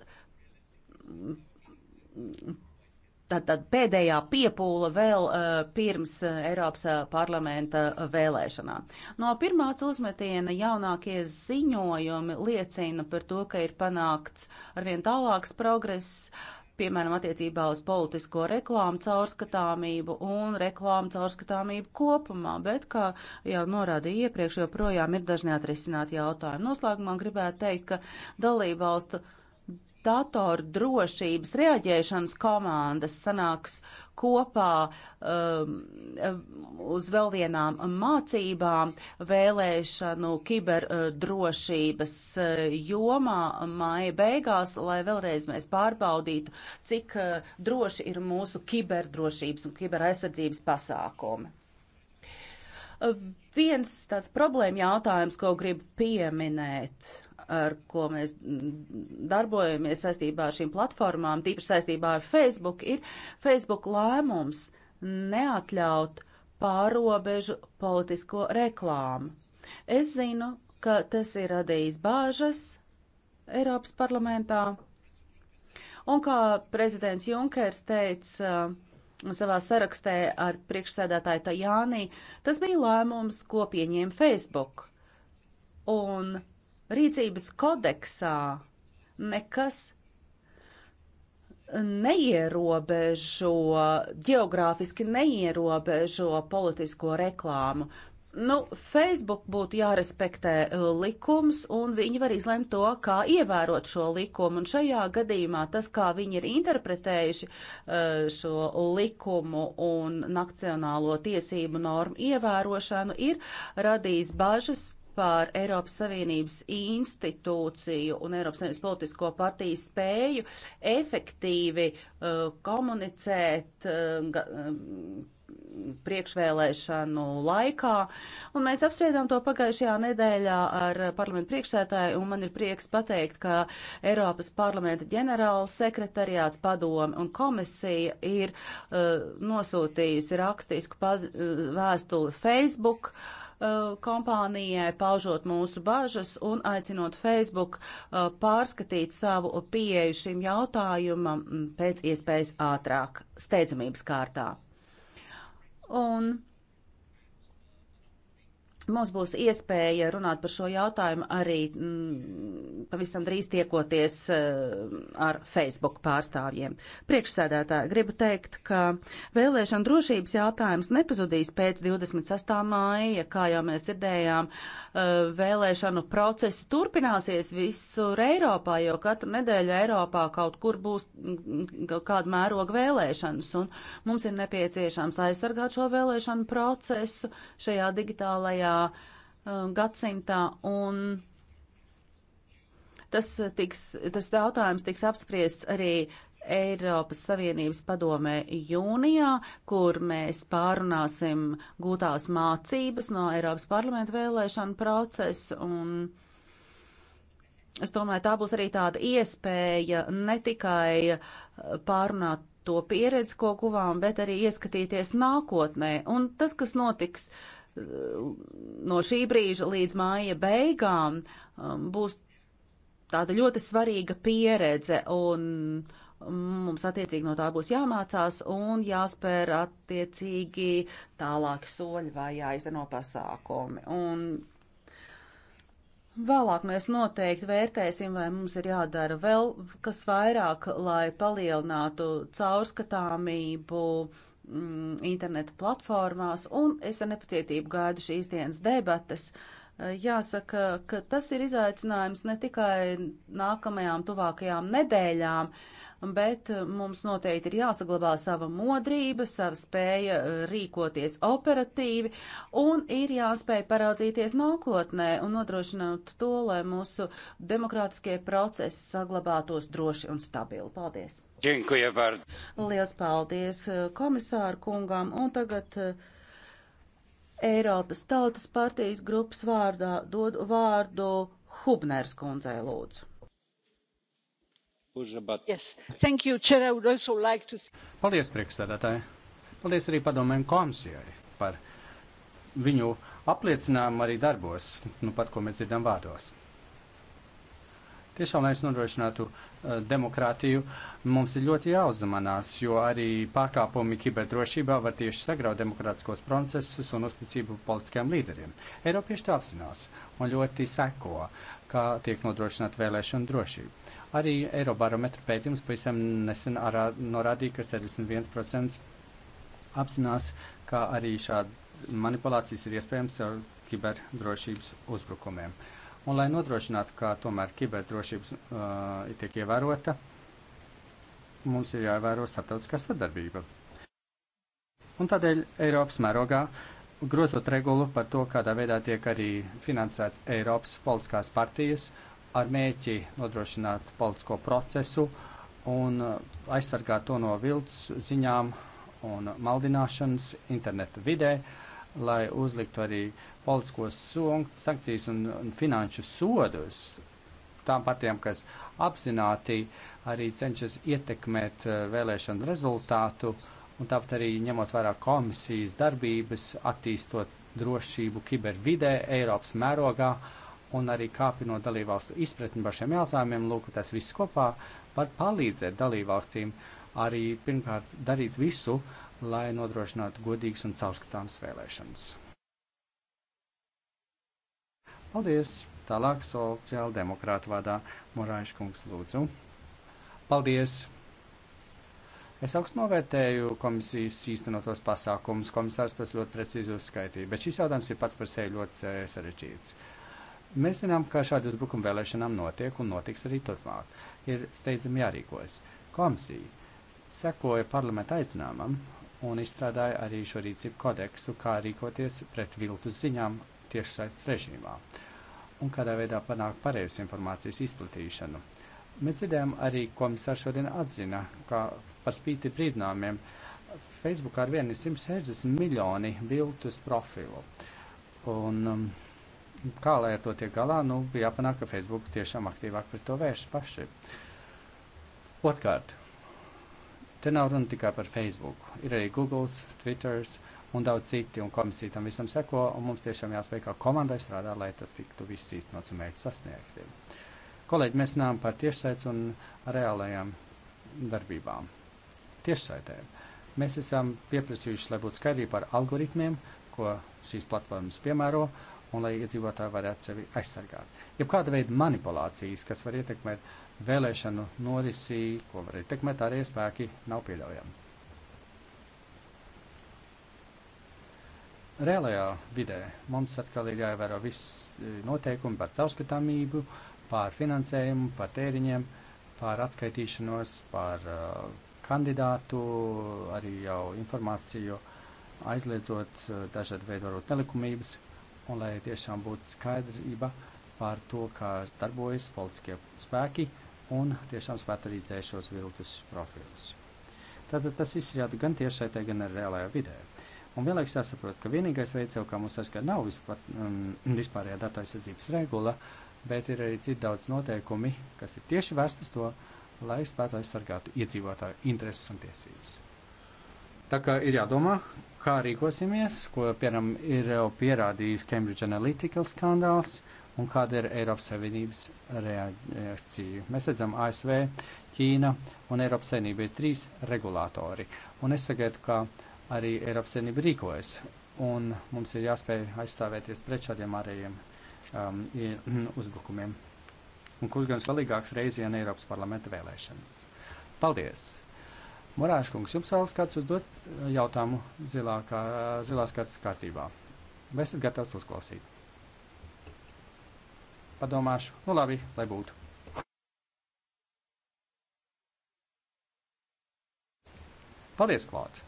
Tad, tad pēdējā piepūle vēl uh, pirms uh, Eiropas uh, parlamenta vēlēšanām. No pirmāts uzmetiena jaunākie ziņojumi liecina par to, ka ir panākts arvien tālāks progress uh, piemēram, attiecībā uz politisko reklāmu caurskatāmību un reklāmu caurskatāmību kopumā, bet, kā jau norādīja iepriekš, joprojām ir dažni atrisināti jautājumi. Noslēgumā gribētu teikt, ka dalībvalstu valstu datoru drošības reaģēšanas komandas sanāks kopā um, uz vēl vienām mācībām vēlēšanu kiberdrošības uh, jomā māja beigās, lai vēlreiz mēs pārbaudītu, cik uh, droši ir mūsu kiberdrošības un kiberaizsardzības pasākumi. Uh, viens tāds problēma jautājums, ko gribu pieminēt, ar ko mēs darbojamies saistībā ar šīm platformām, tīpaši saistībā ar Facebook, ir Facebook lēmums neatļaut pārobežu politisko reklāmu. Es zinu, ka tas ir radījis bāžas Eiropas parlamentā. Un kā prezidents Junkers teica uh, savā sarakstē ar priekšsēdētāju Tajānī, tas bija lēmums, ko pieņēma Facebook. Un rīcības kodeksā nekas neierobežo, geogrāfiski neierobežo politisko reklāmu. Nu, Facebook būtu jārespektē uh, likums, un viņi var izlemt to, kā ievērot šo likumu. Un šajā gadījumā tas, kā viņi ir interpretējuši uh, šo likumu un nacionālo tiesību normu ievērošanu, ir radījis bažas par Eiropas Savienības institūciju un Eiropas Savienības politisko partiju spēju efektīvi uh, komunicēt uh, ga, uh, priekšvēlēšanu laikā. Un mēs apspriedām to pagājušajā nedēļā ar parlamentu priekšsētāju, un man ir prieks pateikt, ka Eiropas parlamenta ģenerāla sekretariāts padome un komisija ir uh, nosūtījusi rakstisku vēstuli Facebook uh, Uh, kompānijai, paužot mūsu bažas un aicinot Facebook uh, pārskatīt savu pieeju šim jautājumam mm, pēc iespējas ātrāk, steidzamības kārtā. Un Mums būs iespēja runāt par šo jautājumu arī m, mm, pavisam drīz tiekoties eh, ar Facebook pārstāvjiem. Priekšsēdētāji, gribu teikt, ka vēlēšana drošības jautājums nepazudīs pēc 26. māja, kā jau mēs dzirdējām, eh, vēlēšanu procesi turpināsies visur Eiropā, jo katru nedēļu Eiropā kaut kur būs mm, kaut kāda mēroga vēlēšanas, un mums ir nepieciešams aizsargāt šo vēlēšanu procesu šajā digitālajā Um, gadsimtā, un tas, tiks, tas jautājums tiks apspriests arī Eiropas Savienības padomē jūnijā, kur mēs pārunāsim gūtās mācības no Eiropas parlamenta vēlēšanu procesa. Un es domāju, tā būs arī tāda iespēja ne tikai pārunāt to pieredzi, ko guvām, bet arī ieskatīties nākotnē. Un tas, kas notiks uh, Eh, no šī brīža līdz māja beigām um, būs tāda ļoti svarīga pieredze un um, mums attiecīgi no tā būs jāmācās un jāspēr attiecīgi tālāki soļi vai jāizteno pasākumi. Un Vēlāk mēs noteikti vērtēsim, vai mums ir jādara vēl kas vairāk, lai palielinātu caurskatāmību mm, interneta platformās, un es ar nepacietību gaidu šīs dienas debatas. Eh, jāsaka, ka tas ir izaicinājums ne tikai nākamajām tuvākajām nedēļām, uh, bet eh, mums noteikti ir jāsaglabā sava modrība, sava spēja eh, rīkoties operatīvi un ir jāspēj paraudzīties nākotnē un nodrošināt to, lai mūsu demokrātiskie procesi saglabātos droši un stabili. Paldies! Lielas paldies eh, komisāru kungām un tagad Eiropas Tautas partijas grupas vārdā dod vārdu Hubners kundzei lūdzu. Yes. You, like to... Paldies, priekšsēdētāji! Paldies arī padomēm komisijai par viņu apliecinājumu arī darbos, nu pat ko mēs dzirdam vārdos. Tiešām, lai es nodrošinātu uh, demokrātiju, mums ir ļoti jāuzmanās, jo arī pārkāpumi kiberdrošībā var tieši sagraut demokrātiskos procesus un uzticību politiskajiem līderiem. Eiropieši to apzinās un ļoti seko, kā tiek nodrošināta vēlēšana drošība. Arī Eirobarometra pētījums pavisam nesen arā, norādīja, ka 71% apzinās, ka arī šāda manipulācijas ir iespējams ar kiberdrošības uzbrukumiem. Un, lai nodrošinātu, ka tomēr kiberdrošības uh, tiek ievērota, mums ir jāievēro starptautiskā sadarbība. Un tādēļ Eiropas mērogā grozot regulu par to, kādā veidā tiek arī finansēts Eiropas politiskās partijas ar mērķi nodrošināt politisko procesu un uh, aizsargāt to no viltus ziņām un maldināšanas interneta vidē, lai uzliktu arī politiskos sankcijas un, un finanšu sodus tām partijām, kas apzināti arī cenšas ietekmēt uh, vēlēšanu rezultātu, un tāpat arī ņemot vērā komisijas darbības, attīstot drošību kibervidē Eiropas mērogā. Uh, un arī kāpinot dalībvalstu izpratni par šiem jautājumiem, lūk, tas viss kopā var palīdzēt dalībvalstīm arī pirmkārt darīt visu, lai nodrošinātu godīgas un caurskatāmas vēlēšanas. Paldies! Tālāk sociāldemokrāta vārdā Morāņš kungs lūdzu. Paldies! Es augstu novērtēju komisijas īstenotos pasākumus, komisārs tos ļoti precīzi uzskaitīja, bet šis jautājums ir pats par sevi ļoti eh, sarežģīts. Uh, Mēs zinām, ka šādi uzbrukumi vēlēšanām notiek un notiks arī turpmāk. Ir steidzami jārīkojas. Komisija sekoja parlamenta aicinājumam un izstrādāja arī šo rīcību kodeksu, kā rīkoties pret viltus ziņām tiešsaistes režīmā un kādā veidā panākt pareizas informācijas izplatīšanu. Mēs dzirdējām arī komisārs šodien atzina, ka par spīti brīdinājumiem Facebookā ar vienu ir 160 miljoni viltus profilu. Un, um, kā lai ar to tiek galā, nu, bija jāpanāk, ka Facebook tiešām aktīvāk pret to vēršas paši. Otkārt, te nav runa tikai par Facebook. Ir arī Google, Twitter un daudz citi, un komisija tam visam seko, un mums tiešām jāspēj kā komandai strādāt, lai tas tiktu viss īstenots un mērķi sasniegti. Kolēģi, mēs runājam par tiešsaits un reālajām darbībām. Tiešsaitē mēs esam pieprasījuši, lai būtu skaidrība par algoritmiem, ko šīs platformas piemēro, uh, un lai iedzīvotāji varētu sevi aizsargāt. Ja kāda veida manipulācijas, kas var ietekmēt vēlēšanu norisi, ko var ietekmēt arī spēki, nav pieļaujami. Reālajā vidē mums atkal ir jāievēro viss eh, noteikumi par caurskatāmību, par finansējumu, par tēriņiem, par atskaitīšanos, par uh, kandidātu, arī jau informāciju aizliedzot eh, dažādu veidu varbūt nelikumības un lai tiešām būtu skaidrība par to, kā darbojas politiskie spēki un tiešām spētu arī dzēst šos viltus profilus. Tātad tas viss ir jādara gan tiešsaitē, gan arī reālajā vidē. Un vienlaikus jāsaprot, ka vienīgais veids, jau, kā mums aizskat, nav vispār, um, vispārējā datu aizsardzības regula, bet ir arī citi daudz noteikumi, kas ir tieši vērsti uz to, lai spētu aizsargātu iedzīvotāju intereses un tiesības. Tā kā ir jādomā, kā rīkosimies, ko, piemēram, ir jau pierādījis Cambridge Analytica skandāls un kāda ir Eiropas Savienības reakcija. Mēs redzam, ASV, Ķīna un Eiropas Savienība ir trīs regulātori. Un es sagaidu, ka arī Eiropas Savienība rīkojas. Un mums ir jāspēj aizstāvēties pret šādiem ārējiem um, uzbrukumiem. Un kurš gan svarīgāks reizien Eiropas parlamenta vēlēšanas. Paldies! Morāša kungs, jums vēlas kāds uzdot jautājumu zilā, kā, zilās kartas kārtībā. Vai esat gatavs uzklausīt? Padomāšu. Nu labi, lai būtu. Paldies, Klāt!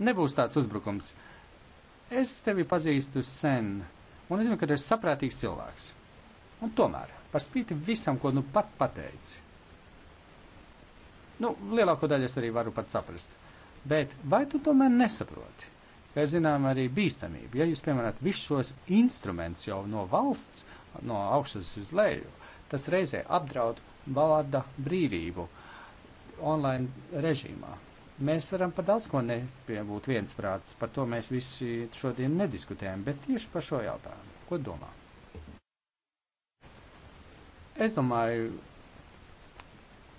Nebūs tāds uzbrukums. Es tevi pazīstu sen, un es zinu, ka tu esi saprātīgs cilvēks. Un tomēr, par spīti visam, ko nu pat pateici, Nu, lielāko daļu es arī varu pat saprast. Bet vai tu tomēr nesaproti, ka ir zināma arī bīstamība? Ja jūs pieminat visus šos instrumentus jau no valsts, no augšas uz leju, tas reizē apdraud vārda brīvību online režīmā. Mēs varam par daudz ko nepiebūt viensprāts, par to mēs visi šodien nediskutējam, bet tieši par šo jautājumu. Ko domā? Es domāju,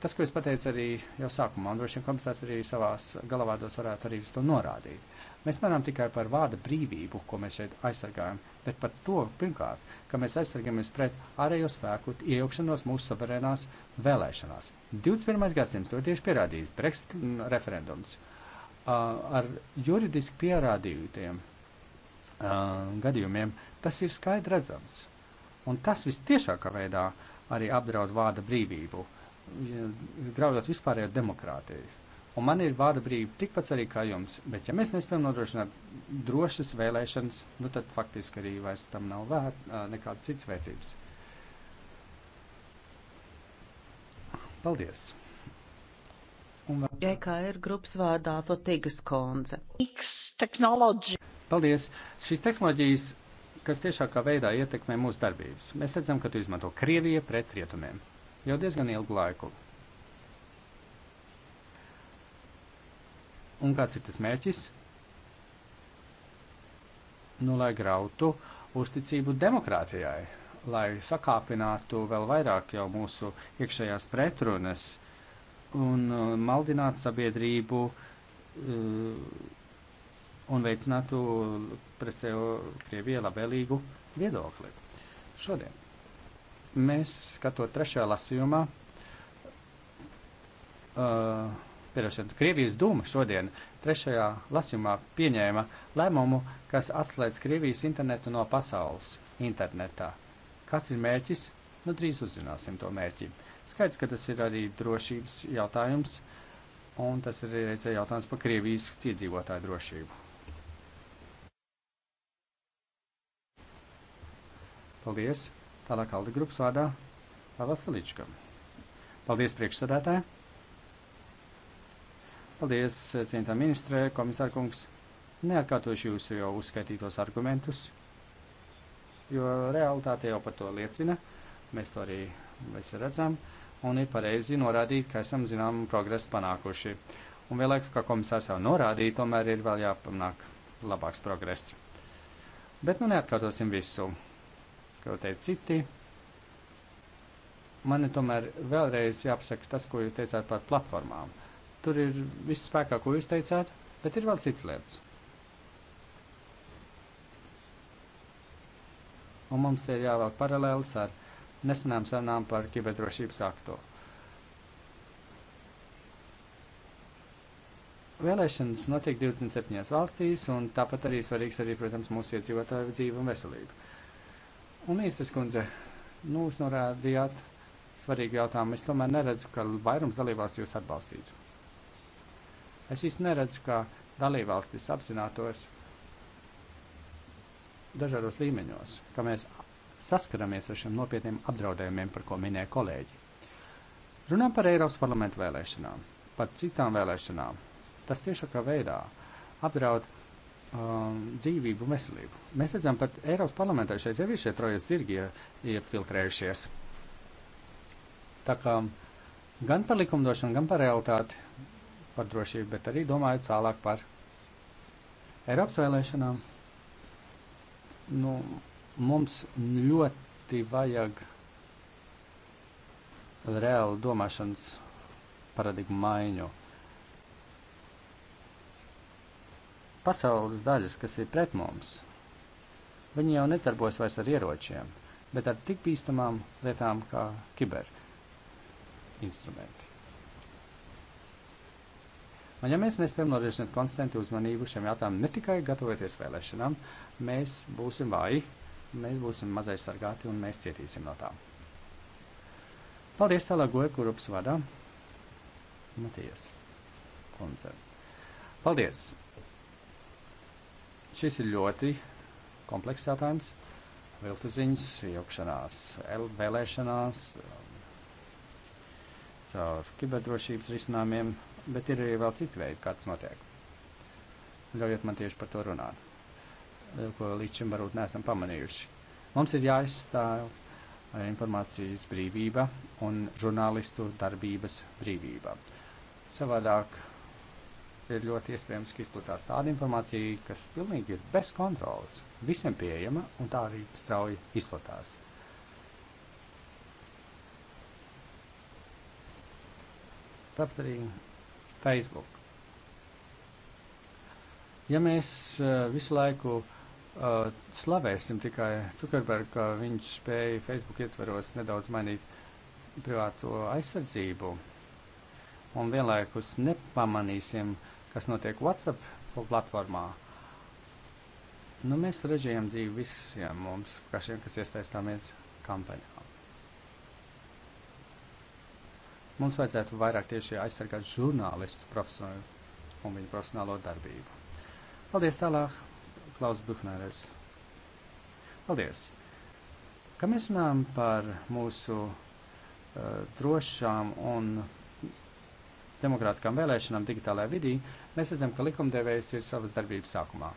Tas, ko es pateicu arī jau sākumā, un droši vien komisārs arī savās galvādos varētu arī uz to norādīt. Mēs runājam tikai par vārda brīvību, ko mēs šeit aizsargājam, bet par to pirmkārt, ka mēs aizsargājamies pret ārējo spēku iejaukšanos mūsu suverēnās vēlēšanās. 21. gadsimts to ir tieši pierādījis Brexit referendums ar juridiski pierādītiem gadījumiem. Tas ir skaidrs redzams. Un tas vistiešākā veidā arī apdraud vārda brīvību. Uh, graujot vispārējo demokrātiju. Un man ir vārda brīva tikpat arī kā jums, bet ja mēs nespējam nodrošināt drošas vēlēšanas, nu tad faktiski arī vairs tam nav vērt nekāda cits vērtības. Paldies! EKR grupas vārdā Fotīgas konce. X tehnoloģija. Paldies! Šīs tehnoloģijas, kas tiešākā veidā ietekmē mūsu darbības, mēs redzam, ka tu izmanto Krievija pret rietumiem jau diezgan ilgu laiku. Un kāds ir tas mērķis? Nu, lai grautu uzticību demokrātijai, lai sakāpinātu vēl vairāk jau mūsu iekšējās pretrunas un uh, maldinātu sabiedrību uh, un veicinātu pret sevi Krievijai labvēlīgu viedokli. Šodien mēs skatot trešajā lasījumā, uh, pierašot, Krievijas dūma šodien trešajā lasījumā pieņēma lēmumu, kas atslēdz Krievijas internetu no pasaules internetā. Kāds ir mērķis? Nu, drīz uzzināsim to mērķi. Skaidrs, ka tas ir arī drošības jautājums, un tas ir reizē jautājums par Krievijas iedzīvotāju drošību. Paldies! Tālāk Alda grupas vārdā Pāvils Taličkam. Paldies priekšsēdētāji! Paldies, cienītā ministrē, komisārkungs! Neatkārtošu jūsu jau uzskaitītos argumentus, jo realitāte jau par to liecina. Mēs to arī visi redzam un ir pareizi norādīt, ka esam zinām progresu panākuši. Un vienlaikus, kā komisārs jau norādīja, tomēr ir vēl jāpanāk labāks progress. Bet nu neatkārtosim visu kā jau teica citi. Man ir tomēr vēlreiz jāpasaka tas, ko jūs teicāt par platformām. Tur ir viss spēkā, ko jūs teicāt, bet ir vēl cits lietas. Un mums te ir jāvelk paralēlis ar nesenām sarunām par kiberdrošības aktu. Vēlēšanas notiek 27 valstīs, un tāpat arī svarīgs arī, protams, mūsu iedzīvotāju dzīve un veselība. Un ministrs kundze, nu, jūs norādījāt svarīgu jautājumu. Es tomēr neredzu, ka vairums dalībvalstu jūs atbalstītu. Es īsti neredzu, ka dalībvalstis apzinātos dažādos līmeņos, ka mēs saskaramies ar šiem nopietniem apdraudējumiem, par ko minēja kolēģi. Runājot par Eiropas parlamentu vēlēšanām, par citām vēlēšanām, tas tiešākā veidā apdraud um, dzīvību, veselību. Mēs redzam, pat Eiropas parlamentā šeit jau ir šie trojas zirgi iefiltrējušies. Tā kā gan par likumdošanu, gan par realitāti, par drošību, bet arī domājot tālāk par Eiropas vēlēšanām. Nu, mums ļoti vajag reālu domāšanas paradigmu maiņu. pasaules daļas, kas ir pret mums. Viņi jau nedarbojas vairs ar ieročiem, bet ar tik bīstamām lietām kā kiber instrumenti. Un ja mēs spējam nodrošināt konstantu uzmanību šiem jautājumiem, ne tikai gatavoties vēlēšanām, mēs būsim vāji, mēs būsim mazai sargāti un mēs cietīsim no tām. Paldies tālāk goja grupas vadā Matijas kundze. Paldies! Šis ir ļoti komplekss jautājums. Viltuziņas, iejaukšanās, vēlēšanās, caur kiberdrošības risinājumiem, bet ir arī vēl citi veidi, kā tas notiek. Ļaujiet man tieši par to runāt, ko līdz šim varbūt neesam pamanījuši. Mums ir jāizstāv eh, informācijas brīvība un žurnālistu darbības brīvība. Savādāk ir ļoti iespējams, ka izplatās tāda informācija, kas pilnīgi ir bez kontrolas, visiem pieejama un tā arī strauji izplatās. Tāpat arī Facebook. Ja mēs uh, visu laiku uh, slavēsim tikai Zuckerbergu, ka viņš spēja Facebook ietveros nedaudz mainīt privāto aizsardzību, un vienlaikus nepamanīsim uh, kas notiek WhatsApp platformā, nu, mēs režējam dzīvi visiem mums, kašiem, kas iesaistāmies kampaņā. Mums vajadzētu vairāk tieši aizsargāt žurnālistu profesionālu un viņu profesionālo darbību. Paldies tālāk, Klaus Buhneris. Paldies! Kad mēs runājam par mūsu uh, drošām un demokrātiskām vēlēšanām digitālajā vidī, mēs redzam, ka likumdevējs ir savas darbības sākumā.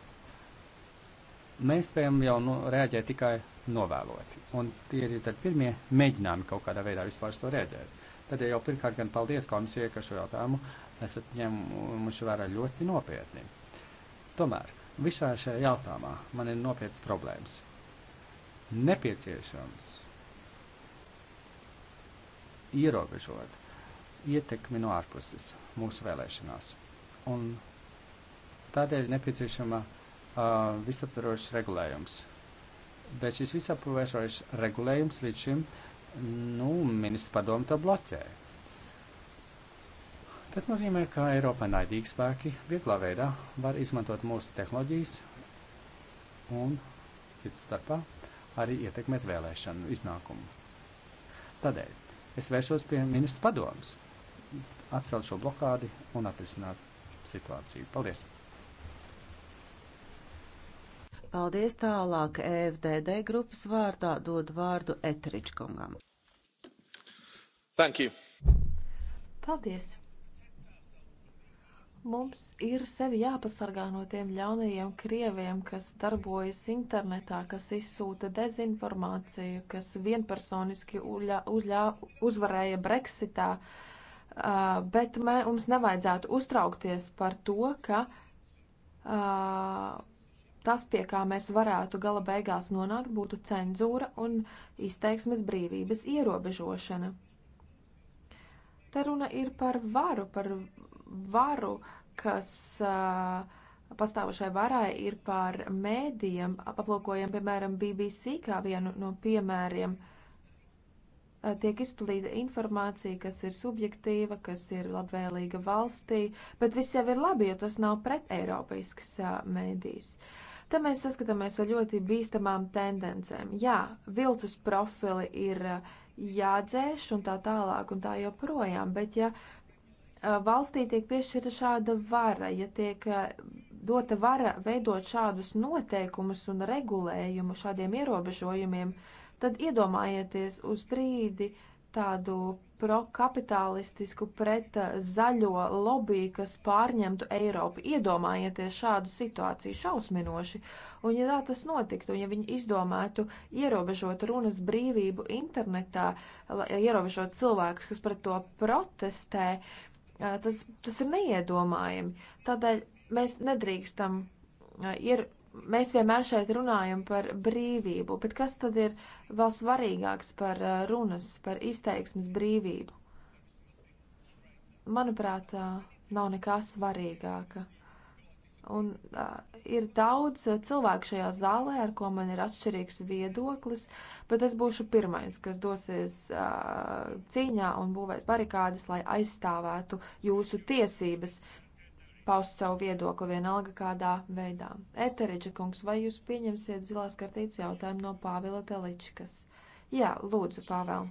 Mēs spējam jau nu, reaģēt tikai novēloti, un tie ir tad pirmie mēģinājumi kaut kādā veidā vispār uz to reaģēt. Tad ja jau pirmkārt gan paldies komisijai, ka šo jautājumu esat ņēmuši vērā ļoti nopietni. Tomēr visā šajā jautājumā man ir nopietnas problēmas. Nepieciešams ierobežot ietekmi no ārpuses mūsu vēlēšanās. Un tādēļ ir nepieciešama uh, visaptvarošs regulējums. Bet šis visaptvarošs regulējums līdz šim, nu, ministra padomu to bloķē. Tas nozīmē, ka Eiropā naidīgi spēki vieglā veidā var izmantot mūsu tehnoloģijas un citu starpā arī ietekmēt vēlēšanu iznākumu. Tādēļ es vēršos pie ministra padomas atcelt šo blokādi un atrisināt situāciju. Paldies! Paldies tālāk EFDD grupas vārdā dod vārdu Eteričkungam. Thank you. Paldies. Mums ir sevi jāpasargā no tiem ļaunajiem krieviem, kas darbojas internetā, kas izsūta dezinformāciju, kas vienpersoniski uļā, uļā, uzvarēja Brexitā. Uh, Uh, bet mē, mums nevajadzētu uztraukties par to, ka uh, tas, pie kā mēs varētu gala beigās nonākt, būtu cenzūra un izteiksmes brīvības ierobežošana. Te runa ir par varu, par varu, kas uh, pastāvošai varai ir par mēdījiem, aplūkojam, piemēram, BBC kā vienu no piemēriem. Uh, Eh, tiek izplatīta informācija, kas ir subjektīva, kas ir labvēlīga valstī, bet viss jau ir labi, jo tas nav preteiropeisks eh, mēdījis. Te mēs saskatāmies ar ļoti bīstamām tendencēm. Jā, viltus profili ir eh, jādzēš un tā tālāk un tā joprojām, bet ja valstī tiek piešķirta šāda vara, ja tiek dota vara veidot šādus noteikumus un regulējumu šādiem ierobežojumiem, uh, tad iedomājieties uz brīdi tādu prokapitalistisku pret eh, zaļo lobby, kas pārņemtu Eiropu. Iedomājieties šādu situāciju šausminoši. Un ja tā tas notiktu, un ja viņi izdomātu ierobežot runas brīvību internetā, eh, ierobežot cilvēkus, kas pret to protestē, eh, tas, tas ir neiedomājami. Tādēļ mēs nedrīkstam ir Mēs vienmēr šeit runājam par brīvību, bet kas tad ir vēl svarīgāks par uh, runas, par izteiksmes brīvību? Manuprāt, uh, nav nekā svarīgāka. Un uh, ir daudz uh, cilvēku šajā zālē, ar ko man ir atšķirīgs viedoklis, bet es būšu pirmais, kas dosies uh, cīņā un būvēs barikādes, lai aizstāvētu jūsu tiesības. Uh, paust savu viedokli vienalga kādā veidā. Eteriģa kungs, vai jūs pieņemsiet zilās kartītes jautājumu no Pāvila Teličkas? Jā, lūdzu, Pāvēl.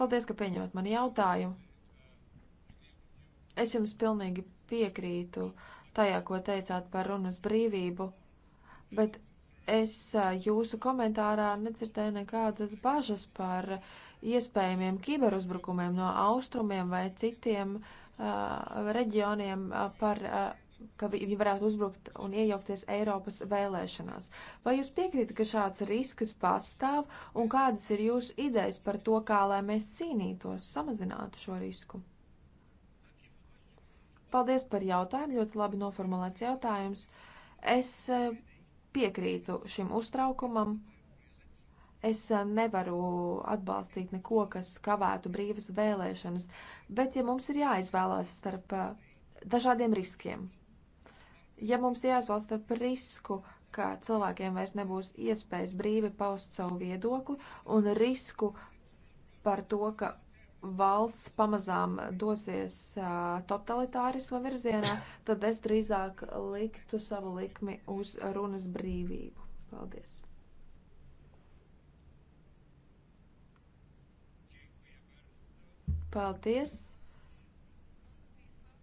Paldies, ka pieņemat mani jautājumu. Es jums pilnīgi piekrītu tajā, ko teicāt par runas brīvību, bet es jūsu komentārā nedzirdēju nekādas bažas par iespējamiem kiberuzbrukumiem no austrumiem vai citiem uh, reģioniem par ka viņi varētu uzbrukt un iejaukties Eiropas vēlēšanās. Vai jūs piekrītat, ka šāds risks pastāv un kādas ir jūsu idejas par to, kā lai mēs cīnītos, samazinātu šo risku? Paldies par jautājumu, ļoti labi noformulēts jautājums. Es piekrītu šim uztraukumam. Es eh, nevaru atbalstīt neko, kas kavētu brīvas vēlēšanas, bet ja mums ir jāizvēlās starp eh, dažādiem riskiem, ja mums jāizvēlas starp risku, ka cilvēkiem vairs nebūs iespējas brīvi paust savu viedokli, un risku par to, ka valsts pamazām dosies eh, totalitārisma virzienā, tad es drīzāk liktu savu likmi uz runas brīvību. Paldies! Paldies!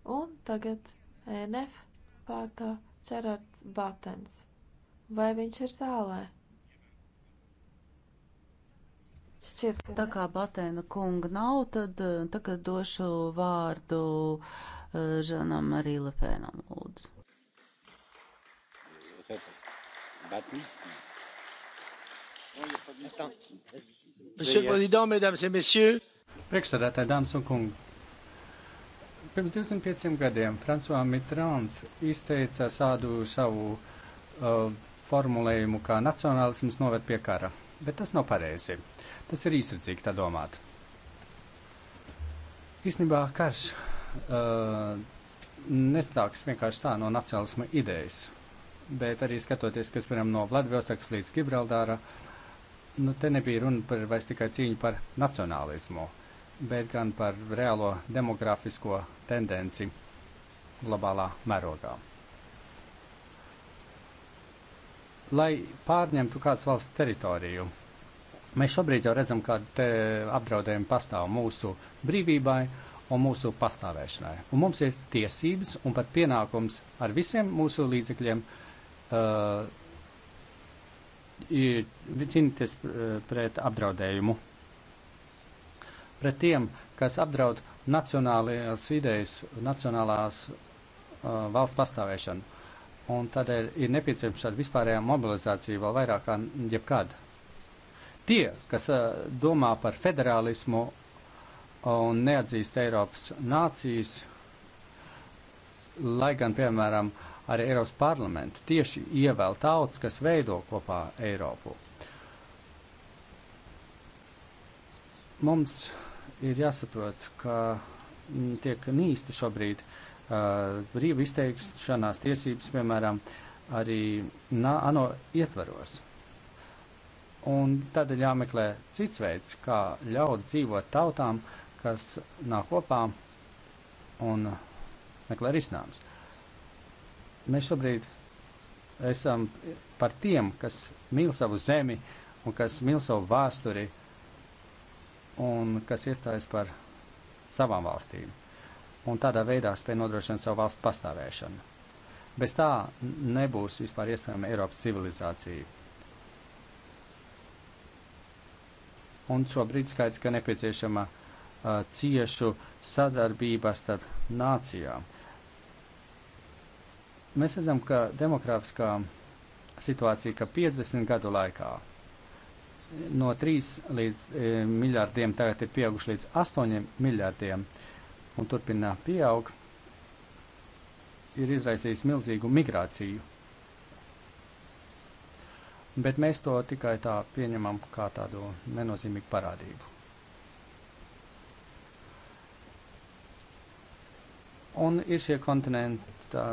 Un tagad NF pārtā Čerards Batens. Vai viņš ir zālē? Šķiet, ka... Tā kā Batēna kunga nav, tad eh, tagad došu vārdu eh, Žanam arī Lepēnam, lūdzu. Batten. Monsieur le Président, Mesdames et Messieurs, Priekšsēdētāji, dāmas un kungi! Pirms 25 gadiem Francois Mitterāns izteica tādu savu uh, formulējumu, kā nacionālisms noved pie kara. Bet tas nav pareizi. Tas ir īsredzīgi tā domāt. Īstenībā karš uh, nesāks vienkārši tā no nacionālisma idejas, bet arī skatoties, kas, piemēram, no Vladivostokas līdz Gibraltāra, nu, te nebija runa par vairs tikai cīņu par nacionālismu. Uh, bet gan par reālo demografisko tendenci globālā mērogā. Lai pārņemtu kāds valsts teritoriju, mēs šobrīd jau redzam, ka apdraudējumi pastāv mūsu brīvībai un mūsu pastāvēšanai. Un mums ir tiesības un pat pienākums ar visiem mūsu līdzekļiem uh, cīnīties uh, pret apdraudējumu pret tiem, kas apdraud nacionālās idejas, nacionālās uh, valsts pastāvēšanu. Un tādēļ ir nepieciešama šāda vispārējā mobilizācija vēl vairāk kā jebkad. Tie, kas uh, domā par federālismu uh, un neatzīst Eiropas nācijas, lai gan, piemēram, arī Eiropas parlamentu tieši ievēl tauts, kas veido kopā Eiropu. Mums ir jāsaprot, ka mm, tiek nīsti šobrīd brīva uh, izteikšanās tiesības, piemēram, arī nā, ANO ietvaros. Un tādēļ jāmeklē cits veids, kā ļaut dzīvot tautām, kas nāk kopā un meklē risinājumus. Mēs šobrīd esam par tiem, kas mīl savu zemi un kas mīl savu vēsturi. Uh, un kas iestājas par savām valstīm. Un tādā veidā spēja nodrošināt savu valstu pastāvēšanu. Bez tā nebūs vispār iespējama Eiropas civilizācija. Un šobrīd skaidrs, ka nepieciešama uh, ciešu sadarbība starp nācijām. Mēs redzam, ka demokrāfiskā situācija, ka 50 gadu laikā no 3 līdz e, miljardiem tagad ir pieauguši līdz 8 miljardiem un turpina pieaug, ir izraisījis milzīgu migrāciju. Bet mēs to tikai tā pieņemam kā tādu nenozīmīgu parādību. Un ir šie kontinenta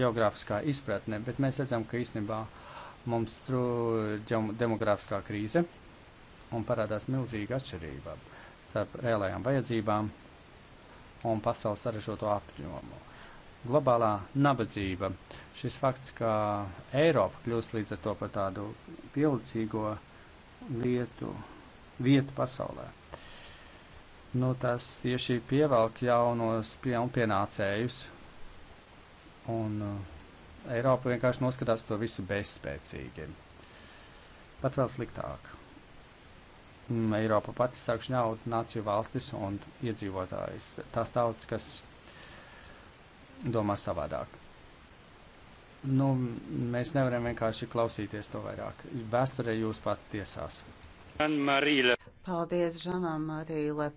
ģeogrāfiskā e, izpratne, bet mēs redzam, ka īstenībā uh, Mums tur ir demogrāfiskā krīze un parādās milzīga atšķirība starp reālajām vajadzībām un pasaules sarežģīto apjomu. Globālā nabadzība. Šis fakts, ka Eiropa kļūst līdz ar to par tādu pielicīgo lietu, vietu pasaulē. Nu, tas tieši pievelk jaunos pie, pienācējus. Un, uh, Eiropa vienkārši noskatās to visu bezspēcīgi. Pat vēl sliktāk. Mm, Eiropa pati sāk šņaut nāciju valstis un iedzīvotājus, tās tautas, kas domā savādāk. Nu, mēs nevaram vienkārši klausīties to vairāk. Vēsture jūs pat tiesās. Paldies, Žanam, arī Lepen.